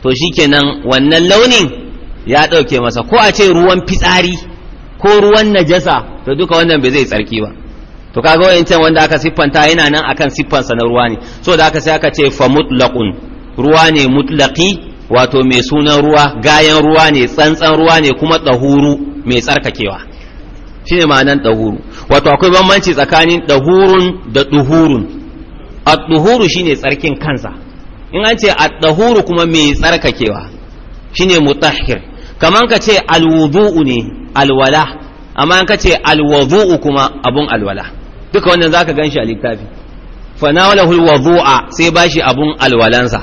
to shi shikenan wannan launin ya ɗauke masa ko a ce ruwan fitsari ko ruwan najasa to duka wannan bai zai tsarki ba to kaga wayancan wanda aka siffanta yana nan akan siffansa na ruwa ne so da aka sai aka ce fa mutlaqun ruwa ne mutlaqi wato mai sunan ruwa gayan ruwa ne tsantsan ruwa ne kuma dahuru mai tsarkakewa shine ma'anan dahuru wato akwai bambanci tsakanin dahurun da duhurun ad-duhuru shine tsarkin kansa in an ce a ɗahuru kuma mai tsarkakewa shine mutahir kaman ka ce alwudu'u ne alwala amma in ka ce alwudu'u kuma abun alwala duka wannan za zaka ganshi a littafi fa nawalahu alwudu'a sai bashi abun alwalansa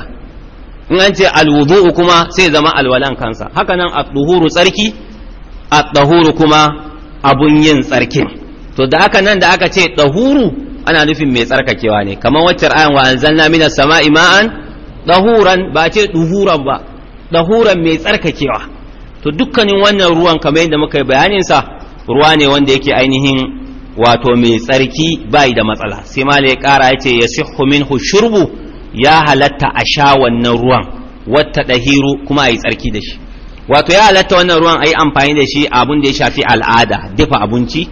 in an ce alwudu'u kuma sai zama alwalan kansa haka nan a tsarki a ɗahuru kuma abun yin tsarki to da aka nan da aka ce ɗahuru ana nufin mai tsarkakewa ne kamar wacce ayan wa anzalna minas sama'i ma'an dahuran ba ce duhuran ba dahuran mai tsarkakewa to dukkanin wannan ruwan kamar yadda muka yi bayanin sa ruwa ne wanda yake ainihin wato mai tsarki bai da matsala sai ma ya kara yace yasihhu minhu shurbu ya halatta a sha wannan ruwan wata dahiru kuma ayi tsarki da shi wato ya halatta wannan ruwan yi amfani da shi abun da ya shafi al'ada dafa abinci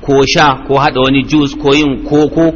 ko sha ko hada wani juice ko yin koko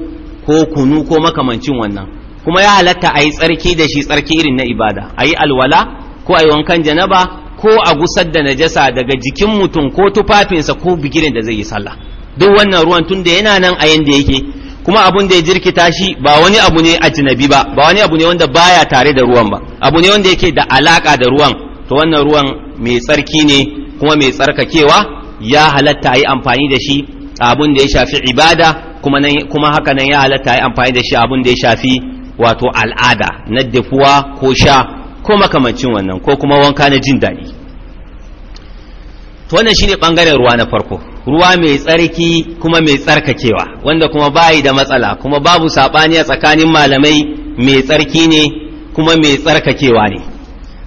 ko kunu ko makamancin wannan kuma ya halatta a yi tsarki da shi tsarki irin na ibada a yi alwala ko a yi wankan janaba ko a gusar da najasa daga jikin mutum ko tufafinsa ko bigirin da zai yi sallah duk wannan ruwan tun da yana nan a yanda yake kuma abun da ya jirkita shi ba wani abu ne ajnabi ba ba wani abu ne wanda baya tare da ruwan ba abu ne wanda yake da alaka da ruwan to wannan ruwan mai tsarki ne kuma mai tsarkakewa ya halatta a yi amfani da shi abun da ya shafi ibada kuma haka nan ya halatta a yi amfani da shi abun da ya shafi wato al'ada na dafuwa ko sha ko makamancin wannan ko kuma wanka na jin daɗi to wannan shine bangaren ruwa na farko ruwa mai tsarki kuma mai tsarkakewa wanda kuma bayi da matsala kuma babu saɓani a tsakanin malamai mai tsarki ne kuma mai tsarkakewa ne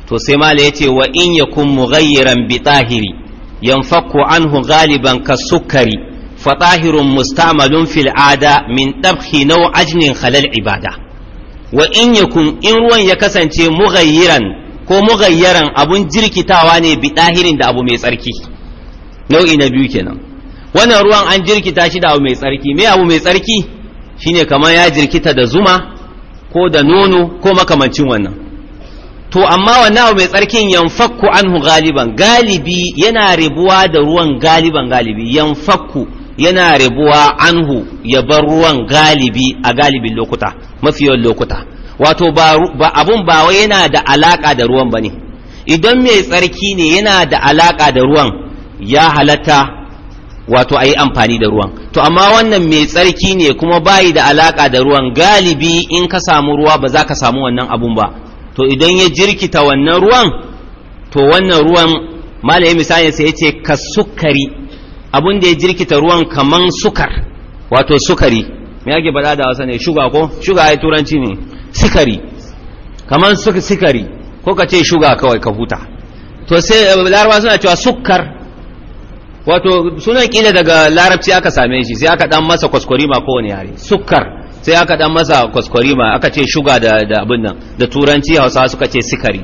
to sai mala ya ce wa in yakun mughayyiran bi tahiri yanfakku anhu galiban ka sukari fa tahirun mustamalun fil ada min dabhi nau ajnin khalal ibada wa in yakun in ruwan ya kasance mughayyiran ko mughayyaran abun jirkitawa ne bi dahirin da abu mai tsarki nau'i na biyu kenan wannan ruwan an jirkita shi da abu mai tsarki me abu mai tsarki shine kamar ya jirkita da zuma ko da nono ko makamancin wannan to amma wannan abu mai tsarkin yanfakku anhu galiban galibi yana ribuwa da ruwan galiban galibi yanfakku yana rabuwa anhu ya bar ruwan galibi a galibin lokuta mafiyan lokuta wato ba abun ba wai yana da alaka da ruwan bane idan mai tsarki ne yana da alaka da ruwan ya halatta wato a yi amfani da ruwan to amma wannan mai tsarki ne kuma bayi da alaka da ruwan galibi in ka samu ruwa ba za ka samu wannan abun ba to idan ya jirkita wannan ruwan to wannan ruwan malamin misali sai ya ce ka sukari abun da ya jirkita ruwan kaman sukar wato sukari me ake faɗa da wasa ne shuga ko shuga ai turanci ne sikari kaman suka sikari ko ka ce shuga kawai ka huta to sai eh, larabawa suna cewa sukar wato sunan kila daga larabci aka same shi sai aka dan masa kwaskwari ma kowane yare sukar sai aka dan masa kwaskwari ma aka ce shuga da da abin nan da turanci hausawa suka ce sikari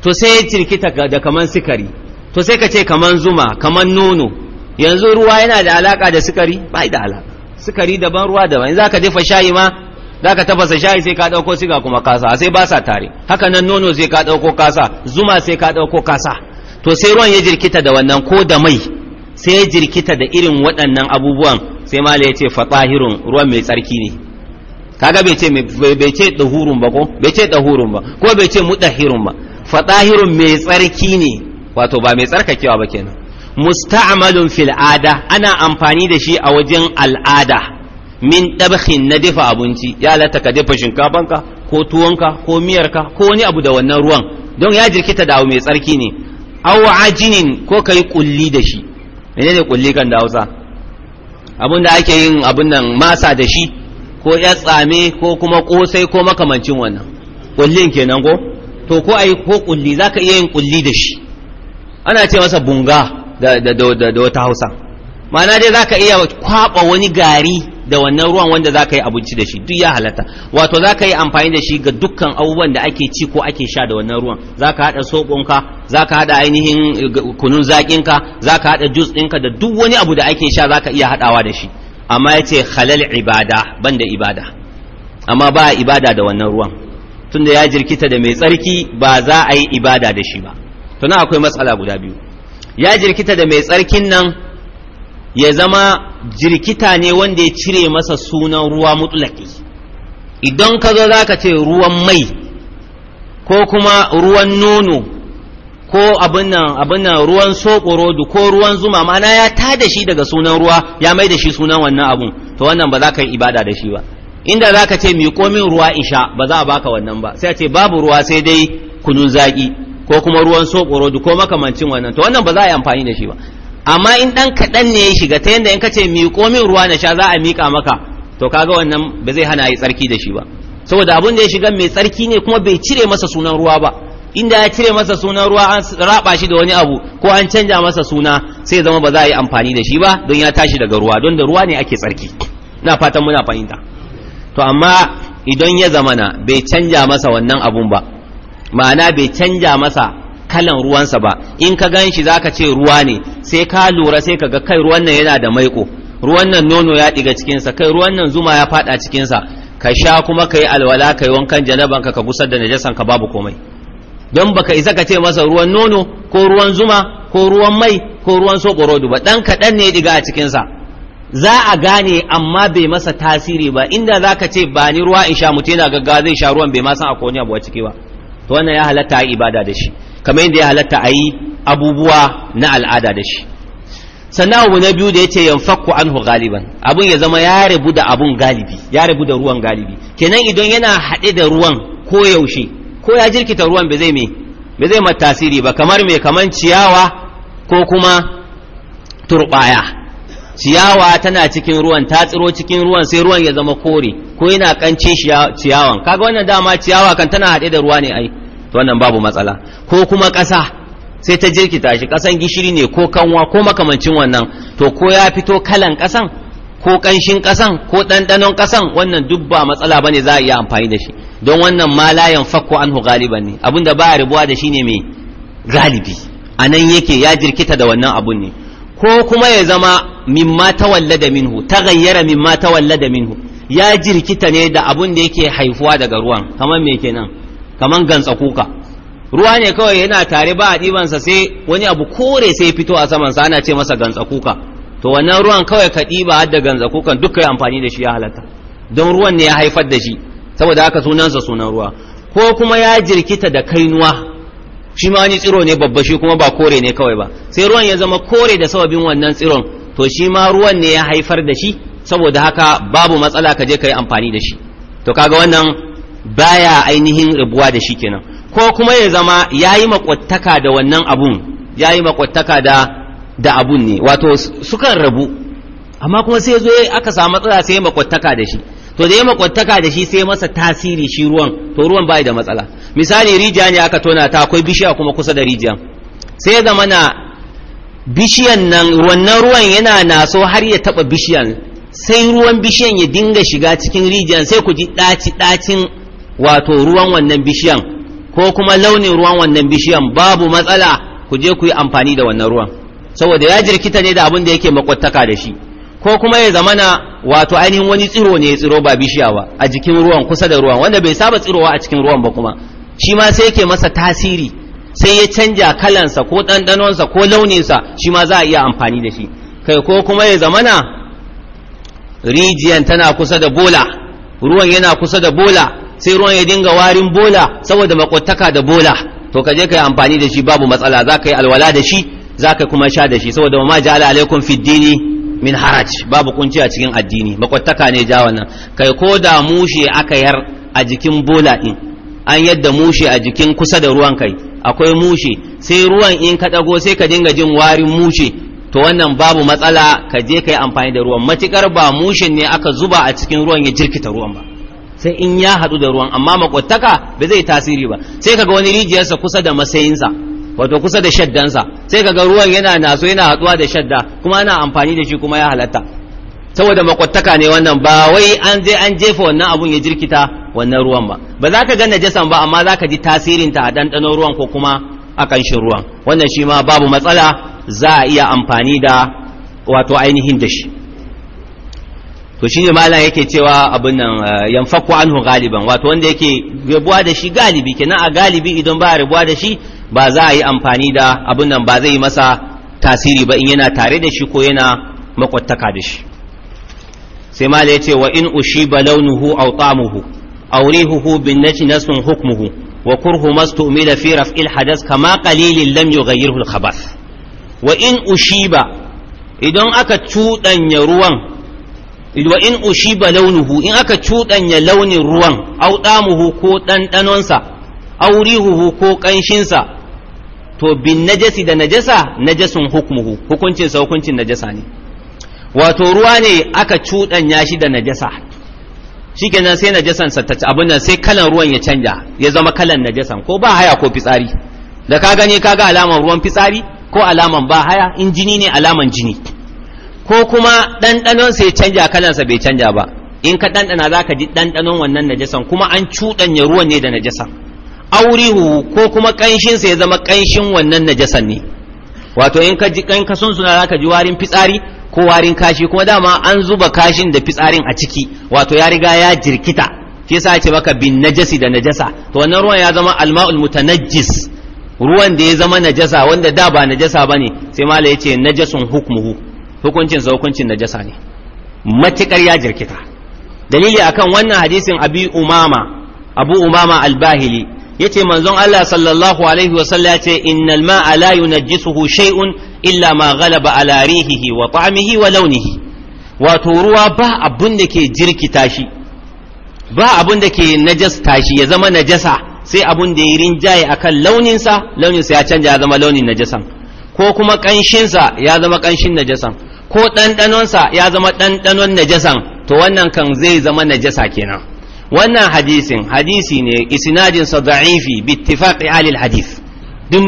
to sai ya cirkita da kaman sikari to sai ka ce kaman zuma kaman nono yanzu ruwa yana da alaka da sukari ba da alaka sukari daban ruwa daban za ka jefa shayi ma za ka tafasa shayi sai ka ɗauko siga kuma kasa sai ba sa tare haka nan nono sai ka ɗauko kasa zuma sai ka ɗauko kasa to sai ruwan ya jirkita da wannan ko da mai sai ya jirkita da irin waɗannan abubuwan sai mala ya ce fatahirun ruwan mai tsarki ne kaga bai ce bai ce dahurun ba ko bai ce dahurun ba ko bai ce mudahirun ba fatahirun mai tsarki ne wato ba mai tsarkakewa ba kenan musta'malun fil ada ana amfani da shi a wajen al'ada min dabkhin na dafa abinci ya halatta ka dafa shinkafanka ko tuwonka ko miyarka ko wani abu da wannan ruwan don ya jirkita da abu mai tsarki ne aw ajinin ko kai kulli da shi menene kulli kan da Hausa abin da ake yin abin nan masa da shi ko ya tsame ko kuma kosai ko makamancin wannan kullin kenan ko to ko ayi ko kulli zaka iya yin kulli da shi ana ce masa bunga da wata hausa ma'ana dai za ka iya kwaba wani gari da wannan ruwan wanda za ka yi abinci da shi duk ya halatta wato za ka yi amfani da shi ga dukkan abubuwan da ake ci ko ake sha da wannan ruwan za haɗa hada za ka hada ainihin eh, kunun za ka hada ɗin ɗinka da duk wani abu da ake sha za ka iya haɗawa da shi amma ya ce halal ibada ban da ibada amma ba ibada da wannan ruwan tunda ya jirkita da mai tsarki ba za a yi ibada da shi ba to akwai matsala guda biyu ya jirkita da mai tsarkin nan ya zama jirkita ne wanda ya cire masa sunan ruwa mutlaki idan ka zo za ka ce ruwan mai ko kuma ruwan nono ko abin nan ruwan soɓorodu ko ruwan zuma mana ya ta da shi daga sunan ruwa ya mai da shi sunan wannan abun to wannan ba za ka yi ibada da shi ba inda za ka ce miko min ruwa in ba za a baka wannan ba sai a ce babu ruwa sai dai kunun zaƙi ko kuma ruwan soɓorodu ko makamancin wannan to wannan ba za a yi amfani da shi ba amma in dan kaɗan ne ya shiga ta yadda in ka ce miƙo min ruwa na sha za a miƙa maka to kaga wannan ba zai hana yi tsarki da shi ba saboda abun da ya shiga mai tsarki ne kuma bai cire masa sunan ruwa ba inda ya cire masa sunan ruwa an raba shi da wani abu ko an canja masa suna sai zama ba za a yi amfani da shi ba don ya tashi daga ruwa don da ruwa ne ake tsarki na fatan muna fahimta to amma idan ya zamana bai canja masa wannan abun ba ma'ana bai canja masa kalan ruwansa ba in ka gan shi zaka ce ruwa ne sai ka lura sai ka ga kai ruwan nan yana da maiko ruwan nan nono ya ɗiga cikinsa kai ruwan nan zuma ya fada cikinsa ka sha kuma ka yi alwala ka yi wankan janaban ka gusar da najasan ka babu komai don baka isa ka ce masa ruwan nono ko ruwan zuma ko ruwan mai ko ruwan sokorodu ba dan kaɗan ne ya diga a cikinsa za a gane amma bai masa tasiri ba inda za ka ce ba ni ruwa in sha mutum yana gaggawa zai sha ruwan bai ma san akwai abu a ciki ba to wannan ya halatta ibada da shi kamar yadda ya halatta ayi abubuwa na al'ada da shi sannan abu na biyu da ya ce yanfakku anhu galiban abun ya zama ya rabu da abun galibi ya rabu da ruwan galibi kenan idan yana haɗe da ruwan ko yaushe ko ya jirkita ruwan ba zai me ba zai tasiri ba kamar me kamar ciyawa ko kuma turɓaya ciyawa tana cikin ruwan ta tsiro cikin ruwan sai ruwan ya zama kore ko yana kance ciyawan kaga wannan dama ciyawa kan tana haɗe da ruwa ne ai to wannan babu matsala ko kuma ƙasa sai ta jirkita shi ƙasan gishiri ne ko kanwa ko makamancin wannan to ko ya fito kalan ƙasan ko ƙanshin ƙasan ko ɗanɗanon ƙasan wannan duk ba matsala bane za a iya amfani da shi don wannan ma layan fakko anhu galiban ne abinda ba a rubuwa da shi ne mai galibi a nan yake ya jirkita da wannan abun ne ko kuma ya zama mimma da minhu ta gayyara mimma da minhu ya jirkita ne da abun da yake haifuwa daga ruwan kamar me kenan kamar gantsa kuka ruwa ne kawai yana tare ba a ɗibansa sai wani abu kore sai fito a saman sa ana ce masa gantsa kuka to wannan ruwan kawai ka ɗiba har da gantsa kukan duk amfani da shi ya halatta don ruwan ne ya haifar da shi saboda haka sunansa sunan ruwa ko kuma ya jirkita da kainuwa shi ma wani tsiro ne babba shi kuma ba kore ne kawai ba sai ruwan ya zama kore da sababin wannan tsiron to shi ma ruwan ne ya haifar da shi saboda haka babu matsala ka je ka yi amfani da shi to kaga wannan baya ainihin rabuwa da shi kenan ko kuma ya zama ya yi makwattaka da wannan abun ya yi makwattaka da da abun ne wato sukan rabu amma kuma sai zo aka samu matsala sai makwattaka da shi to da ya makwataka da shi sai masa tasiri shi ruwan to ruwan bai da matsala misali rijiya ne aka tona ta akwai bishiya kuma kusa da rijiya sai zama na bishiyan nan wannan ruwan yana naso har ya taba bishiyan sai ruwan bishiyan ya dinga shiga cikin rijiyan sai ku ji ɗaci ɗacin wato ruwan wannan bishiyan ko kuma launin ruwan wannan bishiyan babu matsala ku je ku yi amfani da wannan ruwan saboda ya jirkita ne da abin da yake makwattaka da shi ko kuma ya zamana wato ainihin wani tsiro ne ya tsiro ba bishiya ba a jikin ruwan kusa da ruwan wanda bai saba tsirowa a cikin ruwan ba kuma shi ma sai yake masa tasiri sai ya canja kalansa ko ɗanɗanonsa ko launinsa shi ma za a iya amfani da shi kai ko kuma ya zamana rijiyan tana kusa da bola ruwan yana kusa da bola sai ruwan ya dinga warin bola saboda makwataka da bola to ka je ka yi amfani da shi babu matsala za ka yi alwala da shi za ka kuma sha da shi saboda ma ja'ala alaikum fiddini min haraj babu kunci a cikin addini makwattaka ne ja wannan kai ko da mushe aka yar a jikin bola din an yadda mushe a jikin kusa da ruwan kai akwai mushe sai ruwan in ka dago sai ka dinga jin warin mushe to wannan babu matsala ka je ka yi amfani da ruwan matukar ba mushin ne aka zuba a cikin ruwan ya jirkita ruwan ba sai in ya haɗu da ruwan amma makwattaka ba zai tasiri ba sai kaga wani rijiyarsa kusa da masayinsa wato kusa da shaddansa sai kaga ruwan yana naso yana haɗuwa da shadda kuma ana amfani da shi kuma ya halatta saboda makwattaka ne wannan ba wai an je an jefa wannan abun ya jirkita wannan ruwan ba ba za ka ga najasan ba amma za ka ji tasirin ta a ɗanɗanon ruwan ko kuma a kanshin ruwan wannan shi ma babu matsala za a iya amfani da wato ainihin da shi to shine malam yake cewa abin nan eh, yanfaku anhu galiban wato wanda yake rabuwa da shi galibi kenan a galibi idan ba a rabuwa da shi ba za a yi amfani da abin nan ba zai yi masa tasiri ba in yana tare da shi ko yana makwattaka da shi sai mala ya ce wa in ba launuhu au ta'muhu aw bin najmi nasun hukmuhu wa kurhu mastu'mila fi raf'il hadath kama qalilin lam yughayyirhu al wa in ushiba idan aka cuɗanya ruwan wa in ushiba launuhu in aka cuɗanya launin ruwan au ɗamuhu ko ɗanɗanonsa aurihuhu ko ƙanshinsa to bin najasi da najasa najasun hukmuhu hukuncin sa hukuncin najasa ne wato ruwa ne aka cuɗanya shi da najasa shikenan sai najasan sa abin nan sai kalan ruwan ya canja ya zama kalan najasan ko ba haya ko fitsari da ka gani kaga alaman ruwan fitsari ko alaman ba haya in jini ne alaman jini ko kuma ɗanɗanon sai canja kalansa bai canja ba in ka ɗanɗana za ka ji ɗanɗanon wannan najasan kuma an cuɗanya ruwan ne da najasan aurihu ko kuma kanshin sa ya zama kanshin wannan najasan ne wato in ka ji kan ka sun suna zaka ji warin fitsari ko warin kashi kuma dama an zuba kashin da fitsarin a ciki wato ya riga ya jirkita shi yasa ce maka bin najasi da najasa to wannan ruwan ya zama alma'ul mutanajjis ruwan da ya zama najasa wanda da ba najasa bane sai mala yace najasun hukmuhu hukuncin sa hukuncin najasa ne matikar ya jirkita dalili akan wannan hadisin abi umama abu umama albahili yace manzon Allah sallallahu alaihi wasallam yace innal ma'a la yunajjisuhu shay'un illa ma ghalaba ala rihihi wa ta'mihi wa launihi wato ruwa ba abun da ke jirkita shi ba abun da ke najasta shi ya zama najasa sai abun da ya rinjaye akan launinsa launinsa ya canja ya zama launin najasan ko kuma kanshinsa ya zama kanshin najasan ko ɗanɗanonsa ya zama ɗanɗanon najasan to wannan kan zai zama najasa kenan wannan hadisin hadisi ne isnadin sa da'ifi bi ittifaqi ahli hadith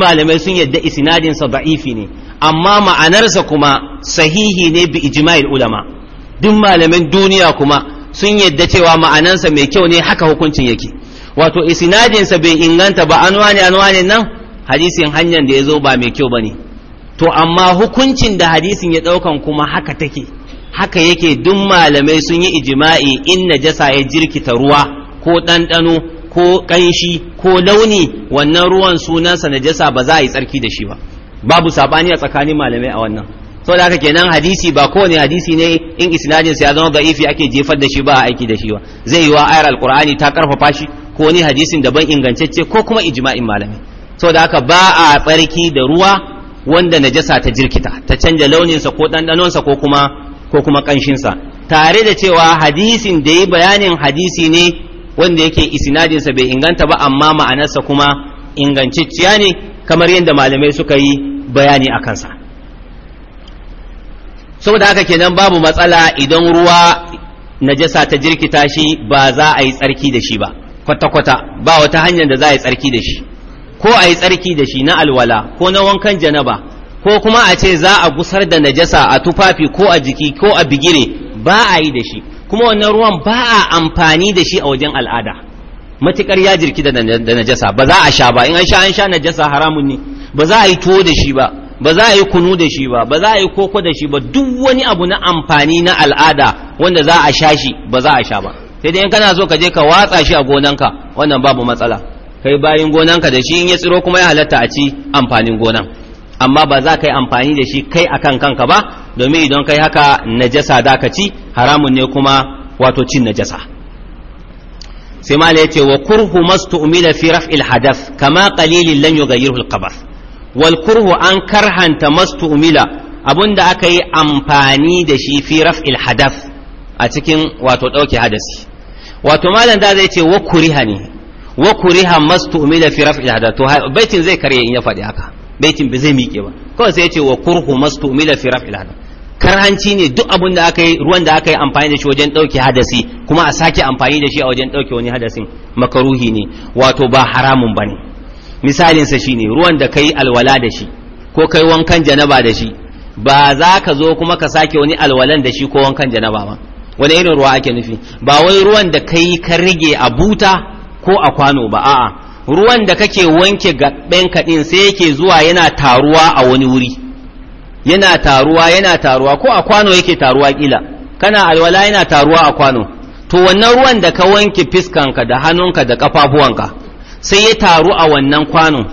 malamai sun yadda isnadin sa da'ifi ne amma ma'anarsa kuma sahihi ne bi ijma'il ulama duk malamin duniya kuma sun yadda cewa ma'anansa mai kyau ne haka hukuncin yake wato isnadinsa bai inganta ba an wane an wane nan hadisin hanyar da ya zo ba mai kyau bane to amma hukuncin da hadisin ya daukan kuma haka take haka yake duk malamai sun yi ijima'i in najasa ya jirkita ruwa ko ɗanɗano ko ƙanshi ko launi wannan ruwan sunansa najasa ba za a yi tsarki da shi ba babu sabani a tsakanin malamai a wannan Sau da haka kenan hadisi ba kowane hadisi ne in isnadin sa ya zama da'ifi ake jefar da shi ba a aiki da shi ba zai yi wa ayar alqur'ani ta karfafa shi ko wani hadisin daban ingantacce ko kuma ijma'in malami Sau da haka ba a tsarki da ruwa wanda najasa ta jirkita ta canja launinsa ko ɗanɗanonsa ko kuma ko kuma ƙanshinsa tare da cewa hadisin da yi bayanin hadisi ne wanda yake isnadinsa bai inganta ba amma ma'anarsa kuma ingancicciya ne kamar yadda malamai suka yi bayani a kansa saboda haka kenan babu matsala idan ruwa najasa ta jirkita shi ba za a yi tsarki da shi ba kwata-kwata ba wata hanyar da za a yi tsarki da shi ko a yi tsarki da shi na alwala ko na wankan janaba ko kuma a ce za a gusar da najasa a tufafi ko a jiki ko a bigire ba a yi da shi kuma wannan ruwan ba a amfani da shi a wajen al'ada matukar ya jirki da najasa ba za a sha ba in an sha an sha najasa haramun ne ba za a yi tuwo da shi ba ba za a yi kunu da shi ba ba za a yi koko da shi ba duk wani abu na amfani na al'ada wanda za a sha shi ba za a sha ba sai dai in kana so ka je ka watsa shi a gonanka wannan babu matsala kai bayin gonanka da shi in ya tsiro kuma ya halatta a ci amfanin gonan amma ba za ka yi amfani da shi kai akan kanka ba domin idan kai haka najasa da ka ci haramun ne kuma wato cin najasa sai mala yace wa kurhu mastu'mila fi raf'il hadath kama qalilin lan yughayyirhu al-qabath wal kurhu an karhanta mastu'mila abunda aka yi amfani da shi fi raf'il hadath a cikin wato dauke hadasi wato malam da zai ce wa kuriha ne wa kuriha mastu'mila fi raf'il hadath to baitin zai karye in ya faɗi haka baitin ba zai miƙe ba kawai sai ya ce wa kurhu mastumila fi raf'il hada karhanci ne duk abin da aka yi ruwan da aka yi amfani da shi wajen ɗauke hadasi kuma a sake amfani da shi a wajen ɗauke wani hadasin makaruhi ne wato ba haramun ba ne misalinsa shi ne ruwan da ka alwala da shi ko kai wankan janaba da shi ba za ka zo kuma ka sake wani alwalan da shi ko wankan janaba ba wani irin ruwa ake nufi ba wai ruwan da ka yi ka rige a buta ko a kwano ba a'a ruwan da kake wanke gaɓenka ɗin sai yake zuwa yana taruwa a wani wuri yana taruwa yana taruwa ko a kwano yake taruwa kila kana alwala yana taruwa a kwano to wannan ruwan da ka wanke fiskanka da hannunka da kafafuwanka sai ya taru a wannan kwano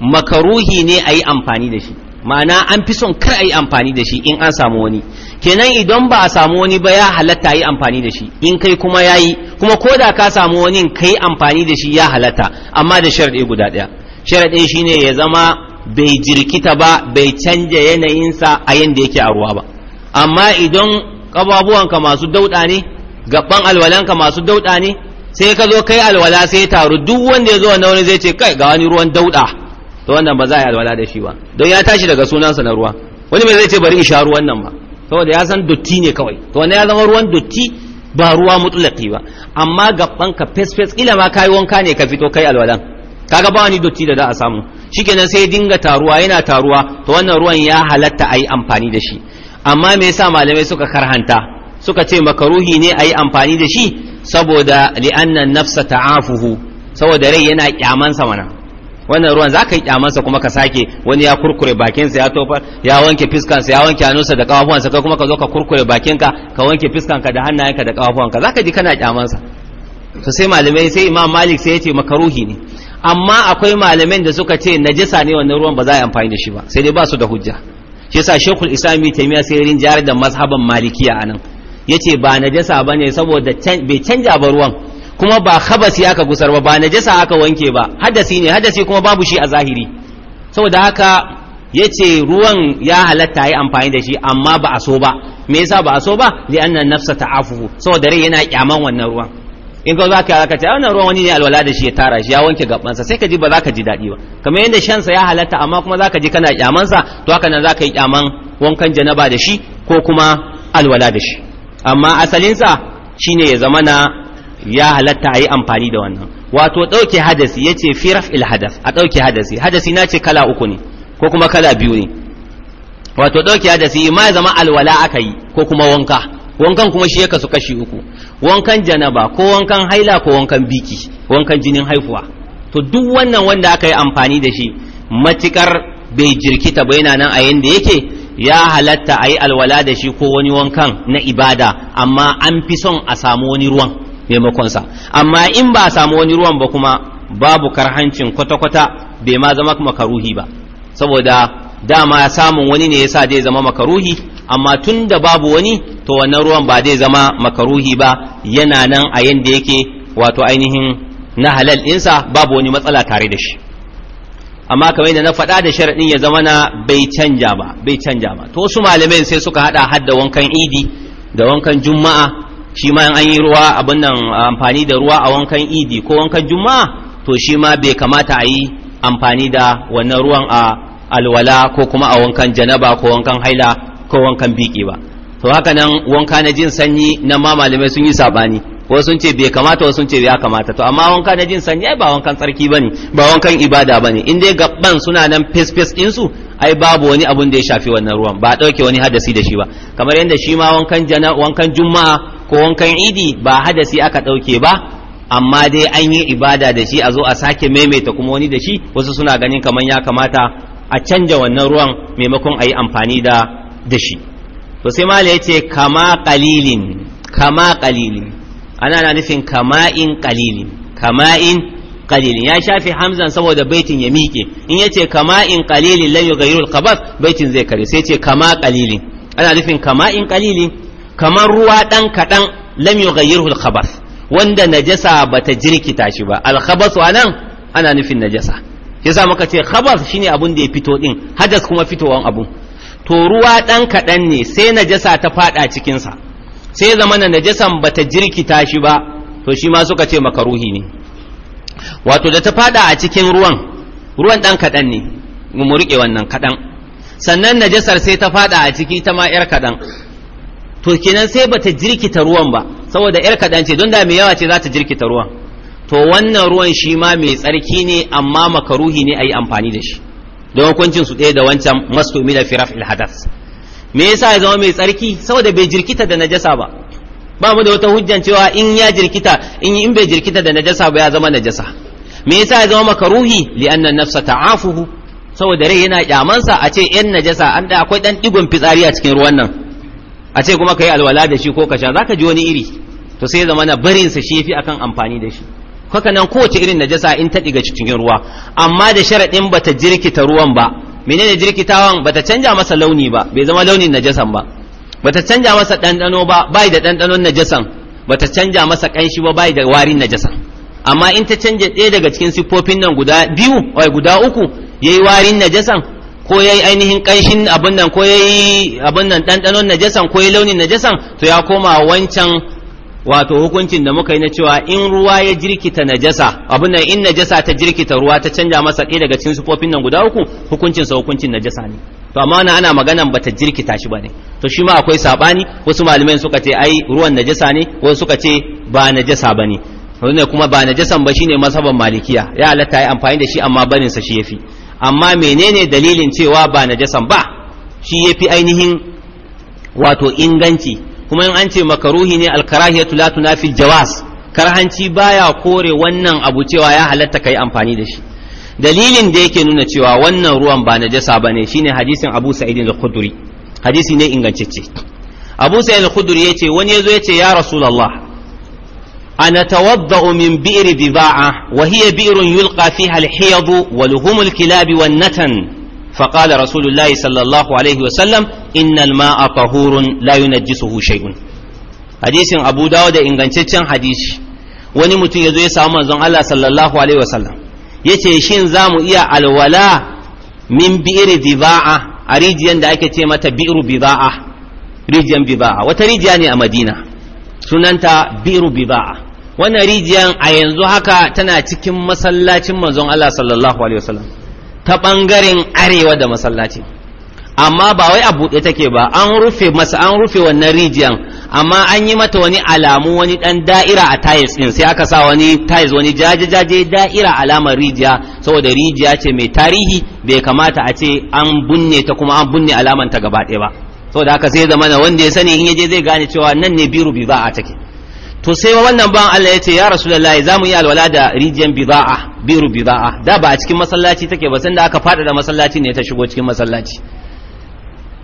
makaruhi ne a yi amfani da shi ma'ana an fi son kar a yi amfani da shi in an samu wani kenan idan ba a samu wani ba ya halatta yi amfani da shi in kai kuma ya yi kuma ko da ka samu wani kai amfani da shi ya halatta amma da sharaɗi guda ɗaya sharaɗin shi ne ya zama bai jirkita ba bai canja yanayinsa a yanda yake a ruwa ba amma idan ƙababuwanka masu dauɗa ne gaban alwalanka masu dauɗa ne sai ka zo kai alwala sai taru duk wanda ya zo wani zai ce kai ga wani ruwan dauɗa to wannan ba za a yi alwala da shi ba don ya tashi daga sunansa na ruwa wani mai zai ce bari in sha ruwan nan ba saboda ya san dotti ne kawai to wannan ya zama ruwan dotti ba ruwa mutlaki ba amma gaban ka fes fes kila ma kai wanka ne ka fito kai alwalan kaga ba wani dotti da za a samu shikenan sai dinga taruwa yana taruwa to wannan ruwan ya halatta ayi amfani da shi amma me yasa malamai suka karhanta suka ce makaruhi ne ayi amfani da shi saboda li'anna nafsa ta'afuhu saboda rai yana kyamansa mana wannan ruwan za ka yi kyamansa kuma ka sake wani ya kurkure bakinsa ya tofar ya wanke fiskansa ya wanke hannunsa da kafafuwansa kai kuma ka zo ka kurkure bakinka ka wanke fiskanka da hannayenka da kafafuwanka za ka ji kana kyamansa to sai malamai sai imam malik sai ya ce makaruhi ne amma akwai malamai da suka ce najisa ne wannan ruwan ba za a yi amfani da shi ba sai dai ba su da hujja shi yasa shekul islami miya sai rin jihar da mazhaban malikiya anan yace ba najasa ne saboda bai canja ba ruwan kuma ba khabasi aka gusar ba ba najasa aka wanke ba hadasi ne hadasi kuma babu shi a zahiri saboda haka yace ruwan ya halatta yi amfani da shi amma ba a so ba me yasa ba a so ba li anna nafsa ta'afuhu saboda rai yana kyaman wannan ruwan in ka zaka ka ce ah, wannan ruwan wani ne alwala da shi ya tara shi ya wanke gabansa sai ka ji ba za ka ji daɗi ba kamar yadda shansa ya halatta amma kuma za ji kana kyaman sa to haka nan zaka yi kyaman wankan janaba da shi ko kuma alwala da shi amma asalin sa shine ya zamana ya halatta a yi amfani da wannan wato ɗauke hadasi ya ce firaf hadas a ɗauke hadasi hadasi na ce kala uku ne ko kuma kala biyu ne wato ɗauke hadasi ma ya zama alwala aka yi ko kuma wanka wankan kuma shi ya kasu kashi uku wankan janaba ko wankan haila ko wankan biki wankan jinin haihuwa to duk wannan wanda aka yi amfani da shi matikar bai jirkita ba yana nan a yanda yake ya halatta a yi alwala da shi ko wani wankan na ibada amma an fi son a samu wani ruwan maimakon sa amma in ba a samu wani ruwan ba kuma babu karhancin kwata-kwata bai ma zama makaruhi ba saboda dama samun wani ne yasa zai zama makaruhi amma tun da babu wani to wannan ruwan ba zai zama makaruhi ba yana nan a yanda yake wato ainihin na halal ɗinsa babu wani matsala tare da shi amma kamar yadda na faɗa da sharaɗin ya zama na bai canja ba bai canja ba to wasu malamai sai suka haɗa hadda wankan idi da wankan juma'a shi ma an yi ruwa abin nan amfani da ruwa a wankan idi ko wankan juma'a to shi ma bai kamata a yi amfani da wannan ruwan a alwala ko kuma a wankan janaba ko wankan haila ko wankan biki ba to haka nan wanka na jin sanyi nan ma malamai sun yi sabani wasu sun ce bai kamata wasu sun ce bai kamata to amma wanka na jin sanyi ai ba wankan tsarki bane ba wankan ibada bane in dai gaban suna nan fes fes din su ai babu wani abun da ya shafi wannan ruwan ba a dauke wani hadasi da shi ba kamar yadda shi ma wankan jana wankan juma'a ko wankan idi ba hadasi aka ɗauke ba amma dai an yi ibada da shi a zo a sake maimaita kuma wani da shi wasu suna ganin kamar ya kamata a canja wannan ruwan maimakon a yi amfani da da shi to sai mala ya ce kama kalilin kama kalilin ana na nufin kama'in kalilin kama'in kalilin ya shafi hamzan saboda baitin ya miƙe in yace ce kama'in kalilin lan yughayyiru al baitin zai kare sai ce kama kalilin ana nufin kama'in kalilin kamar ruwa ɗan kaɗan lam yughayyirhu al-khabath wanda najasa bata jirkita shi ba al-khabath anan ana nufin najasa yasa muka ce khabath shine abun da ya fito din hadas kuma fitowan abu to ruwa ɗan kaɗan ne sai najasa ta faɗa cikin sa sai zama na najasan bata jirkita shi ba to shi ma suka ce makaruhi ne wato da ta faɗa a cikin ruwan ruwan ɗan kaɗan ne mu riƙe wannan kaɗan sannan najasar sai ta faɗa a ciki ta ma 'yar kaɗan to kenan sai bata jirkita ruwan ba saboda yar kaɗan ce don da mai yawa ce za ta jirkita ruwan to wannan ruwan shi ma mai tsarki ne amma makaruhi ne ayi amfani da shi don hukuncin su ɗaya da wancan masu da firaf ilhadas me yasa ya zama mai tsarki saboda bai jirkita da najasa ba ba mu da wata hujjan cewa in ya jirkita in in bai jirkita da najasa ba ya zama najasa me yasa ya zama makaruhi li anna nafsa ta'afuhu saboda rai yana kyamansa a ce yan najasa an da akwai dan digon fitsari a cikin ruwan nan a ce kuma ka yi alwala da shi ko ka sha za ka ji wani iri to sai zama na barinsa shi fi akan amfani da shi kaka nan kowace irin najasa in ta diga cikin ruwa amma da sharaɗin bata jirkita ruwan ba menene jirkitawan bata canja masa launi ba bai zama launin najasan ba bata canja masa ɗanɗano ba bai da ɗanɗanon najasan bata canja masa kanshi ba bai da warin najasan amma in ta canja ɗaya daga cikin siffofin nan guda biyu wai guda uku yayi warin najasan ko yayi ainihin kanshin abin nan ko yayi abin nan dandanon najasan ko yayi launin najasan to ya koma wancan wato hukuncin da muka yi na cewa in ruwa ya jirkita najasa abin nan in najasa ta jirkita ruwa ta canja masa ɗaya daga cikin sufofin nan guda uku hukuncin sa hukuncin najasa ne to amma wannan ana maganan bata jirkita shi bane to shi ma akwai sabani wasu malamai suka ce ai ruwan najasa ne wasu suka ce ba najasa bane wannan kuma ba najasan ba shine mazhaban malikiya ya ta yi amfani da shi amma barin sa shi yafi amma menene dalilin cewa ba najasan ba shi yafi ainihin wato inganci kuma in an ce makaruhi ne alkarahiyatu la tunafi jawas karhanci baya kore wannan abu cewa ya halatta kai amfani da shi dalilin da yake nuna cewa wannan ruwan ba najasa bane shine hadisin Abu Sa'id al-Khudri hadisi ne ingantacce Abu Sa'id al-Khudri yace wani yazo yace ya Rasulullah أنا توضأ من بئر بضاعة وهي بئر يلقى فيها الحيض ولهم الكلاب والنتن فقال رسول الله صلى الله عليه وسلم إن الماء طهور لا ينجسه شيء حديث أبو داود إن كان حديث wani mutum ya zo ya samu manzon Allah sallallahu alaihi wasallam ya ce shin za mu iya alwala min bi'iri diba'a a rijiyar da ake ce mata bi'iru biba'a rijiyar biba'a wata rijiya ne a madina sunanta biru biba'a wannan rijiyan a yanzu haka tana cikin masallacin manzon Allah sallallahu alaihi wasallam ta bangaren arewa da masallaci amma ba wai a buɗe take ba an rufe masa an rufe wannan rijiyan amma an yi mata wani alamu wani dan da'ira a tiles din sai aka sa wani tiles wani jaje-jaje da'ira alamar rijiya saboda rijiya ce mai tarihi bai kamata a ce an bunne ta kuma an bunne alamar ta gaba ɗaya ba saboda aka sai zama na wanda ya sani in yaje zai gane cewa nan ne biru bi ba a take to sai wannan ba Allah ya ce ya rasulullahi za mu yi alwala da rijiyar bida'a biru bida'a da ba a cikin masallaci take ba sanda aka faɗaɗa masallaci ne ta shigo cikin masallaci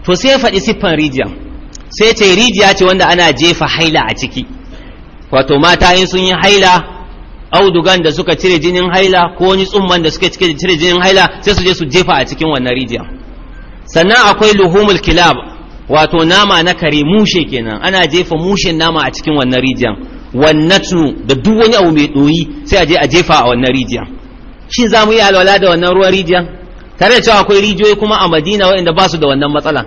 to sai ya faɗi siffan rijiya sai ce rijiya ce wanda ana jefa haila a ciki wato mata in sun yi haila audugan da suka cire jinin haila ko wani tsumman da suka cire jinin haila sai su je su jefa a cikin wannan rijiya sannan akwai luhumul kilab wato nama na kare mushe kenan ana jefa mushen nama a cikin wannan rijiyan wannatu da duk wani abu mai doyi sai a je a jefa a wannan rijiyan shin za mu yi alwala da wannan ruwan rijiyan tare da cewa akwai rijiyoyi kuma a madina waɗanda ba su da wannan matsala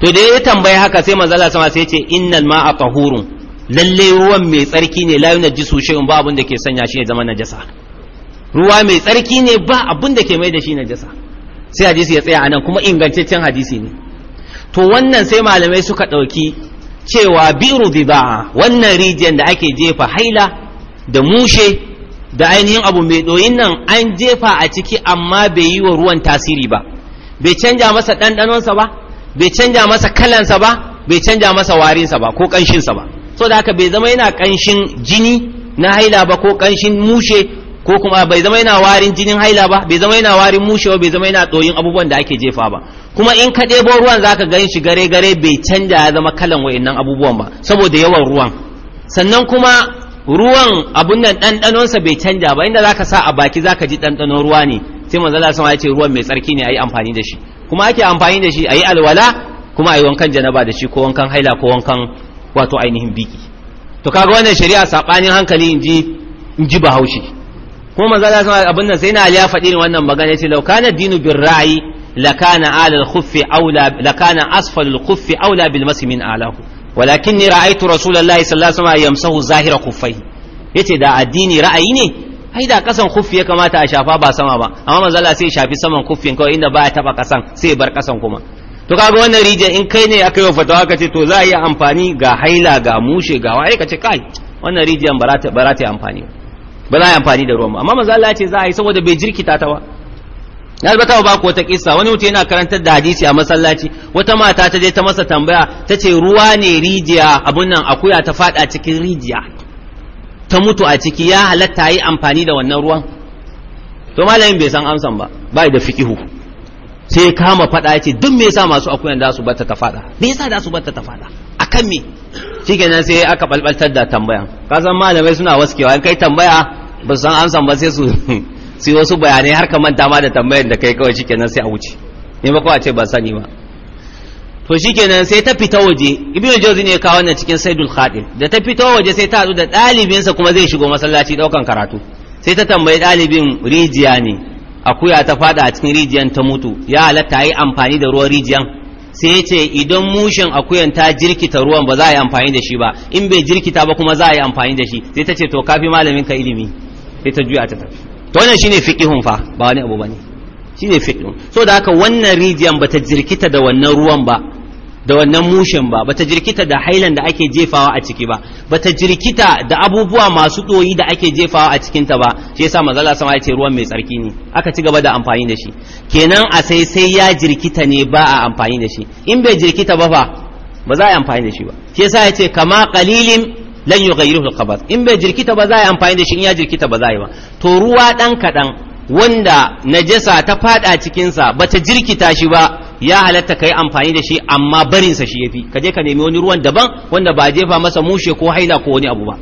to da ya tambaye haka sai manzala sama sai ce innal ma'a tahurun lalle ruwan mai tsarki ne la yunajjisu shay'un ba abin da ke sanya shi ya zama najasa ruwa mai tsarki ne ba abin da ke mai da shi najasa sai hadisi ya tsaya anan kuma ingantaccen hadisi ne to wannan sai malamai suka ɗauki cewa biru diba wannan rijiyar da ake jefa haila da mushe da ainihin abu mai ɗoyin nan an jefa a ciki amma bai yi wa ruwan tasiri ba bai canja masa ɗanɗanonsa ba bai canja masa kalansa ba bai canja masa warinsa ba ko ƙanshinsa ba so da haka bai zama yana ƙanshin jini na haila ba ko ƙanshin mushe ko kuma bai zama yana warin jinin haila ba bai zama yana warin mushewa bai zama yana tsoyin abubuwan da ake jefa ba kuma in ka ɗebo ruwan zaka gan shi gare gare bai canja ya zama kalan wa'annan abubuwan ba saboda yawan ruwan sannan kuma ruwan abun nan ɗanɗanonsa bai canja ba inda zaka sa a baki zaka ji ɗanɗanon ruwa ne sai zala sama ya ce ruwan mai tsarki ne ayi amfani da shi kuma ake amfani da shi ayi alwala kuma ayi wankan janaba da shi ko wankan haila ko wankan wato ainihin biki to kaga wannan shari'a saɓanin hankali in ji in ji kuma Maza Allah sama abin nan sai na ya faɗi ne wannan magana yace law kana dinu bir ra'i lakana ala al khuffi aula lakana asfal khuffi aula bil masi min alahu walakinni ra'aytu rasulullahi sallallahu alaihi wasallam yamsahu zahira khuffai yace da addini ra'ayi ne ai da kasan kuffi ya kamata a shafa ba sama ba amma manzo Allah sai shafi saman kuffin kawai inda ba ya taba kasan sai bar kasan kuma to kaga wannan rijiyar in kai ne aka yi fatawa ce to za a yi amfani ga haila ga mushe ga waye ka ce kai wannan rijiyar ba za ta yi amfani ba ba za a yi amfani da ruwan ba amma manzo Allah ce za a yi saboda bai jirkita ta ba na zata ba ku wata kissa wani mutum yana karantar da hadisi a masallaci wata mata ta je ta masa tambaya ta ce ruwa ne rijiya abun nan akuya ta fada cikin rijiya ta mutu a ciki ya halatta yi amfani da wannan ruwan to malamin bai san amsan ba bai da fiqihu sai kama fada ce duk me yasa masu akuyan da su bata ta fada me yasa da su bata ta fada akan me shikenan sai aka balbaltar da tambaya kasan malamai suna waskewa in kai tambaya ba san amsan ba sai su sai wasu bayanai har ka manta ma da tambayar da kai kawai shikenan sai a wuce ne ba a ce ba sani ba to shikenan sai ta fita waje ibnu jawzi ne kawo wannan cikin saidul khadim da ta fita waje sai ta hadu da ɗalibinsa kuma zai shigo masallaci daukan karatu sai ta tambayi dalibin rijiya ne akuya ta fada a cikin rijiyan ta mutu ya halatta yi amfani da ruwan rijiyan sai ce idan mushen akuyan ta jirkita ruwan ba za a yi amfani da shi ba in bai jirkita ba kuma za a yi amfani da shi sai ta ce to kafi malamin ka ilimi sai ta juya ta tafi to wannan shine fiqihun fa ba wani abu bane shine fiqihun so da haka wannan rijiyan ba ta jirkita da wannan ruwan ba da wannan mushen ba bata jirkita da hailan da ake jefawa a ciki ba bata jirkita da abubuwa masu doyi da ake jefawa a cikin ta ba shi yasa manzo Allah sama ya ce ruwan mai tsarki ne aka ci gaba da amfani da shi kenan a sai sai ya jirkita ne ba a amfani da shi in bai jirkita ba fa ba za a yi amfani da shi ba shi yasa ya ce kama qalilin lan yughayyiruhu al in bai jirkita ba za a yi amfani da shi in ya jirkita ba za a yi ba to ruwa dan kadan wanda najasa ta fada cikin sa bata jirkita shi ba ya halatta ka amfani da shi amma barinsa shi yafi ka je ka nemi wani ruwan daban wanda ba jefa masa mushe ko haila ko wani abu ba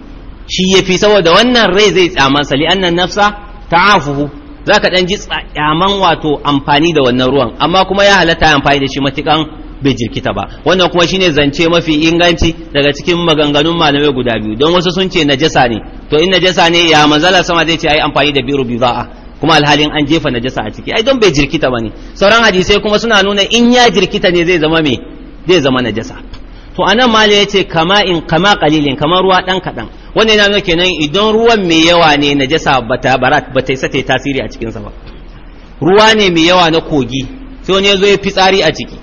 shi yafi saboda wannan rai zai tsamansa li'annan nafsa ta'afuhu za ka ɗan ji tsaman wato amfani da wannan ruwan amma kuma ya halatta amfani da shi matukan bai jirkita ba wannan kuma shine zance mafi inganci daga cikin maganganun malamai guda biyu don wasu sun ce najasa ne to in najasa ne ya manzala sama zai ce ai amfani da biro biza'a kuma alhalin an jefa najasa a ciki ai don bai jirkita bane sauran hadisai kuma suna nuna in ya jirkita ne zai zama me zai zama najasa to anan ya yace kama in kama kalilin kama ruwa dan kadan wannan yana nuna kenan idan ruwan mai yawa ne najasa bata barat bata isa ta tasiri a cikin sa ba ruwa ne mai yawa na kogi sai wani yazo ya fitsari a ciki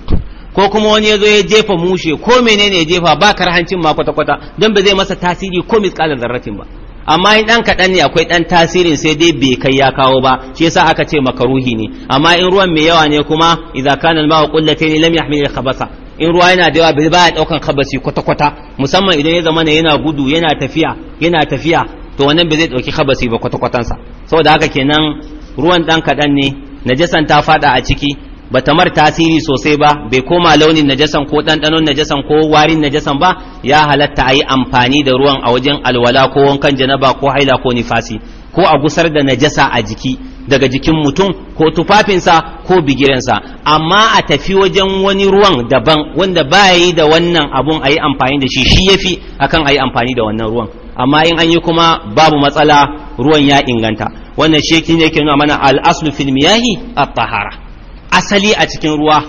ko kuma wani yazo ya jefa mushe ko menene ya jefa ba karhancin ma kwata kwata don ba zai masa tasiri ko misqalan zarratin ba amma in dan kaɗan ne akwai ɗan tasirin sai dai bai kai ya kawo ba shi yasa aka ce makaruhi ne amma in ruwan mai yawa ne kuma idza kana al-ma'u qullatayn lam yahmil al-khabasa in ruwa yana da yawa bai baya daukan khabasi kwata kwata musamman idan ya zama yana gudu yana tafiya yana tafiya to wannan bai zai dauki khabasi ba kwata kwatansa saboda haka kenan ruwan dan kaɗan ne najasan ta fada a ciki bata mar tasiri sosai ba bai koma launin najasan ko ɗanɗanon najasan ko warin najasan ba ya halatta a yi amfani da ruwan a wajen alwala ko wankan janaba ko haila ko nifasi ko a gusar da najasa a jiki daga jikin mutum ko tufafinsa ko bigirensa amma a tafi wajen wani ruwan daban wanda ba yi da wannan abun a yi amfani da shi shi ya fi akan a yi amfani da wannan ruwan amma in an yi kuma babu matsala ruwan ya inganta wannan shekin yake nuna mana al'aslu fil miyahi at-tahara asali a cikin ruwa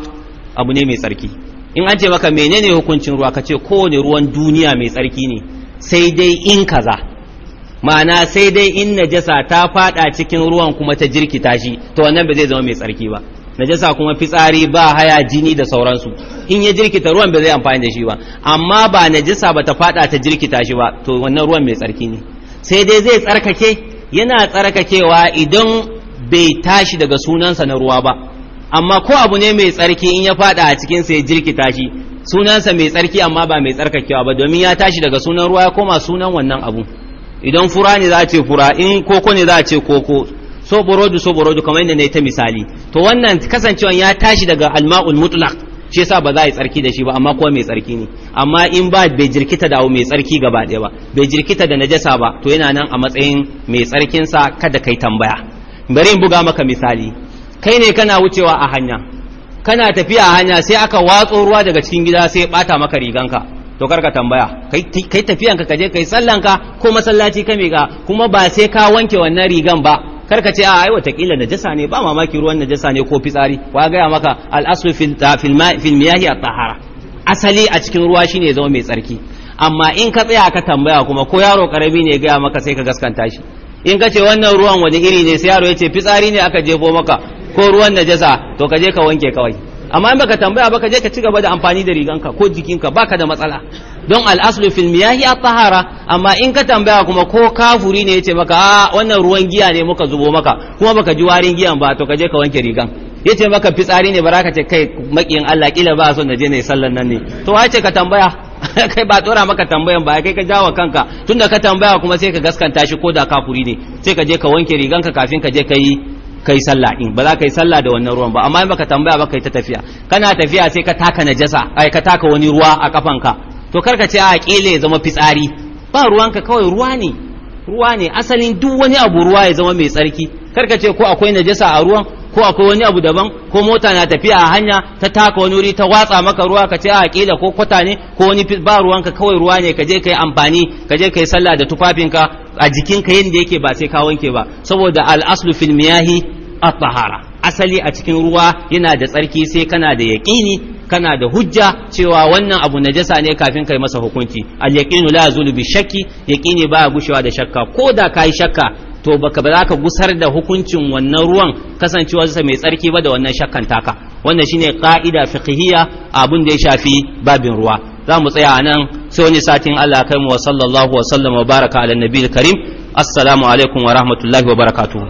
abu ne mai tsarki in an ce maka menene hukuncin ruwa ka ce kowane ruwan duniya mai tsarki ne sai dai in kaza ma'ana sai dai in najasa ta fada cikin ruwan kuma ta jirkita shi to wannan ba zai zama mai tsarki ba najasa kuma fitsari ba haya jini da sauransu in ya jirkita ruwan ba zai amfani da shi ba amma ba najasa ba ta fada ta jirkita shi ba to wannan ruwan mai tsarki ne sai dai zai tsarkake yana tsarkakewa idan bai tashi daga sunansa na ruwa ba amma ko abu ne mai tsarki in ya fada a cikin sa ya jirkita shi sunansa mai tsarki amma ba mai tsarkakewa ba domin ya tashi daga sunan ruwa ya koma sunan wannan abu idan fura ne za a ce fura in koko ne za a ce koko so burodu so burodu kamar yadda na ta misali to wannan kasancewan ya tashi daga alma'ul mutlaq shi yasa ba za a yi tsarki da shi ba amma kuwa mai tsarki ne amma in ba bai jirkita da abu mai tsarki gaba ɗaya ba bai jirkita da najasa ba to yana nan a matsayin mai tsarkin sa kada kai tambaya bari in buga maka misali kai ne kana wucewa a hanya kana tafiya a hanya sai aka watso ruwa daga cikin gida sai bata maka riganka to karka tambaya kai tafiyanka kaje kai ka ko masallaci ka miƙa kuma ba sai ka wanke wannan rigan ba karka ce a ai watakila najasa ne ba mamaki ruwan najasa ne ko fitsari wa gaya maka aslu fil miyahi a tahara asali a cikin ruwa shine zama mai tsarki amma in ka tsaya ka tambaya kuma ko yaro karami ne gaya maka sai ka gaskanta shi in ka ce wannan ruwan wani iri ne sai yaro ya ce fitsari ne aka jefo maka ko ruwan najasa to ka je ka wanke kawai amma in baka tambaya ba je ka ci gaba da amfani da riganka ko jikinka baka da matsala don al'aslu fil miyahi at-tahara amma in ka tambaya kuma ko kafuri ne yace maka a wannan ruwan giya ne muka zubo maka kuma baka ji warin giyan ba to ka je ka wanke rigan yace maka fitsari ne baraka ce kai makiyin Allah kila ba son naje ne sallan nan ne to wace ka tambaya kai ba tsora maka tambayan ba kai ka jawo kanka tunda ka tambaya kuma sai ka gaskanta shi ko da kafuri ne sai ka je ka wanke riganka kafin ka je ka yi kai sallah din ba za ka yi sallah da wannan ruwan ba amma in baka tambaya ba kai ta tafiya kana tafiya sai ka taka najasa ai ka taka wani ruwa a kafanka to karka ce a kile ya zama fitsari ba ruwanka kawai ruwa ne ruwa ne asalin duk wani abu ruwa ya zama mai tsarki kar ka ce ko akwai najasa a ruwan ko akwai wani abu daban ko mota na tafiya a hanya ta taka wani wuri ta watsa maka ruwa ka ce a kila ko kwata ne ko wani ba ruwanka kawai ruwa ne ka je kai amfani ka je kai sallah da tufafinka a jikinka yadda yake ba sai ka wanke ba saboda al-aslu fil miyahi at-tahara asali a cikin ruwa yana da tsarki sai kana da yaƙini kana da hujja cewa wannan abu najasa ne kafin kai masa hukunci al yaqinu la zulu bi shakki yaqini ba gushewa da shakka ko da kai shakka to baka ba za ka gusar da hukuncin wannan ruwan kasancewarsa mai tsarki ba da wannan shakkan taka wannan shine ka'ida fiqhiyya abin da ya shafi babin ruwa za mu tsaya nan sai wani satin Allah kai mu wa sallallahu wa sallama wa baraka ala nabiyil karim assalamu alaikum wa rahmatullahi wa barakatu.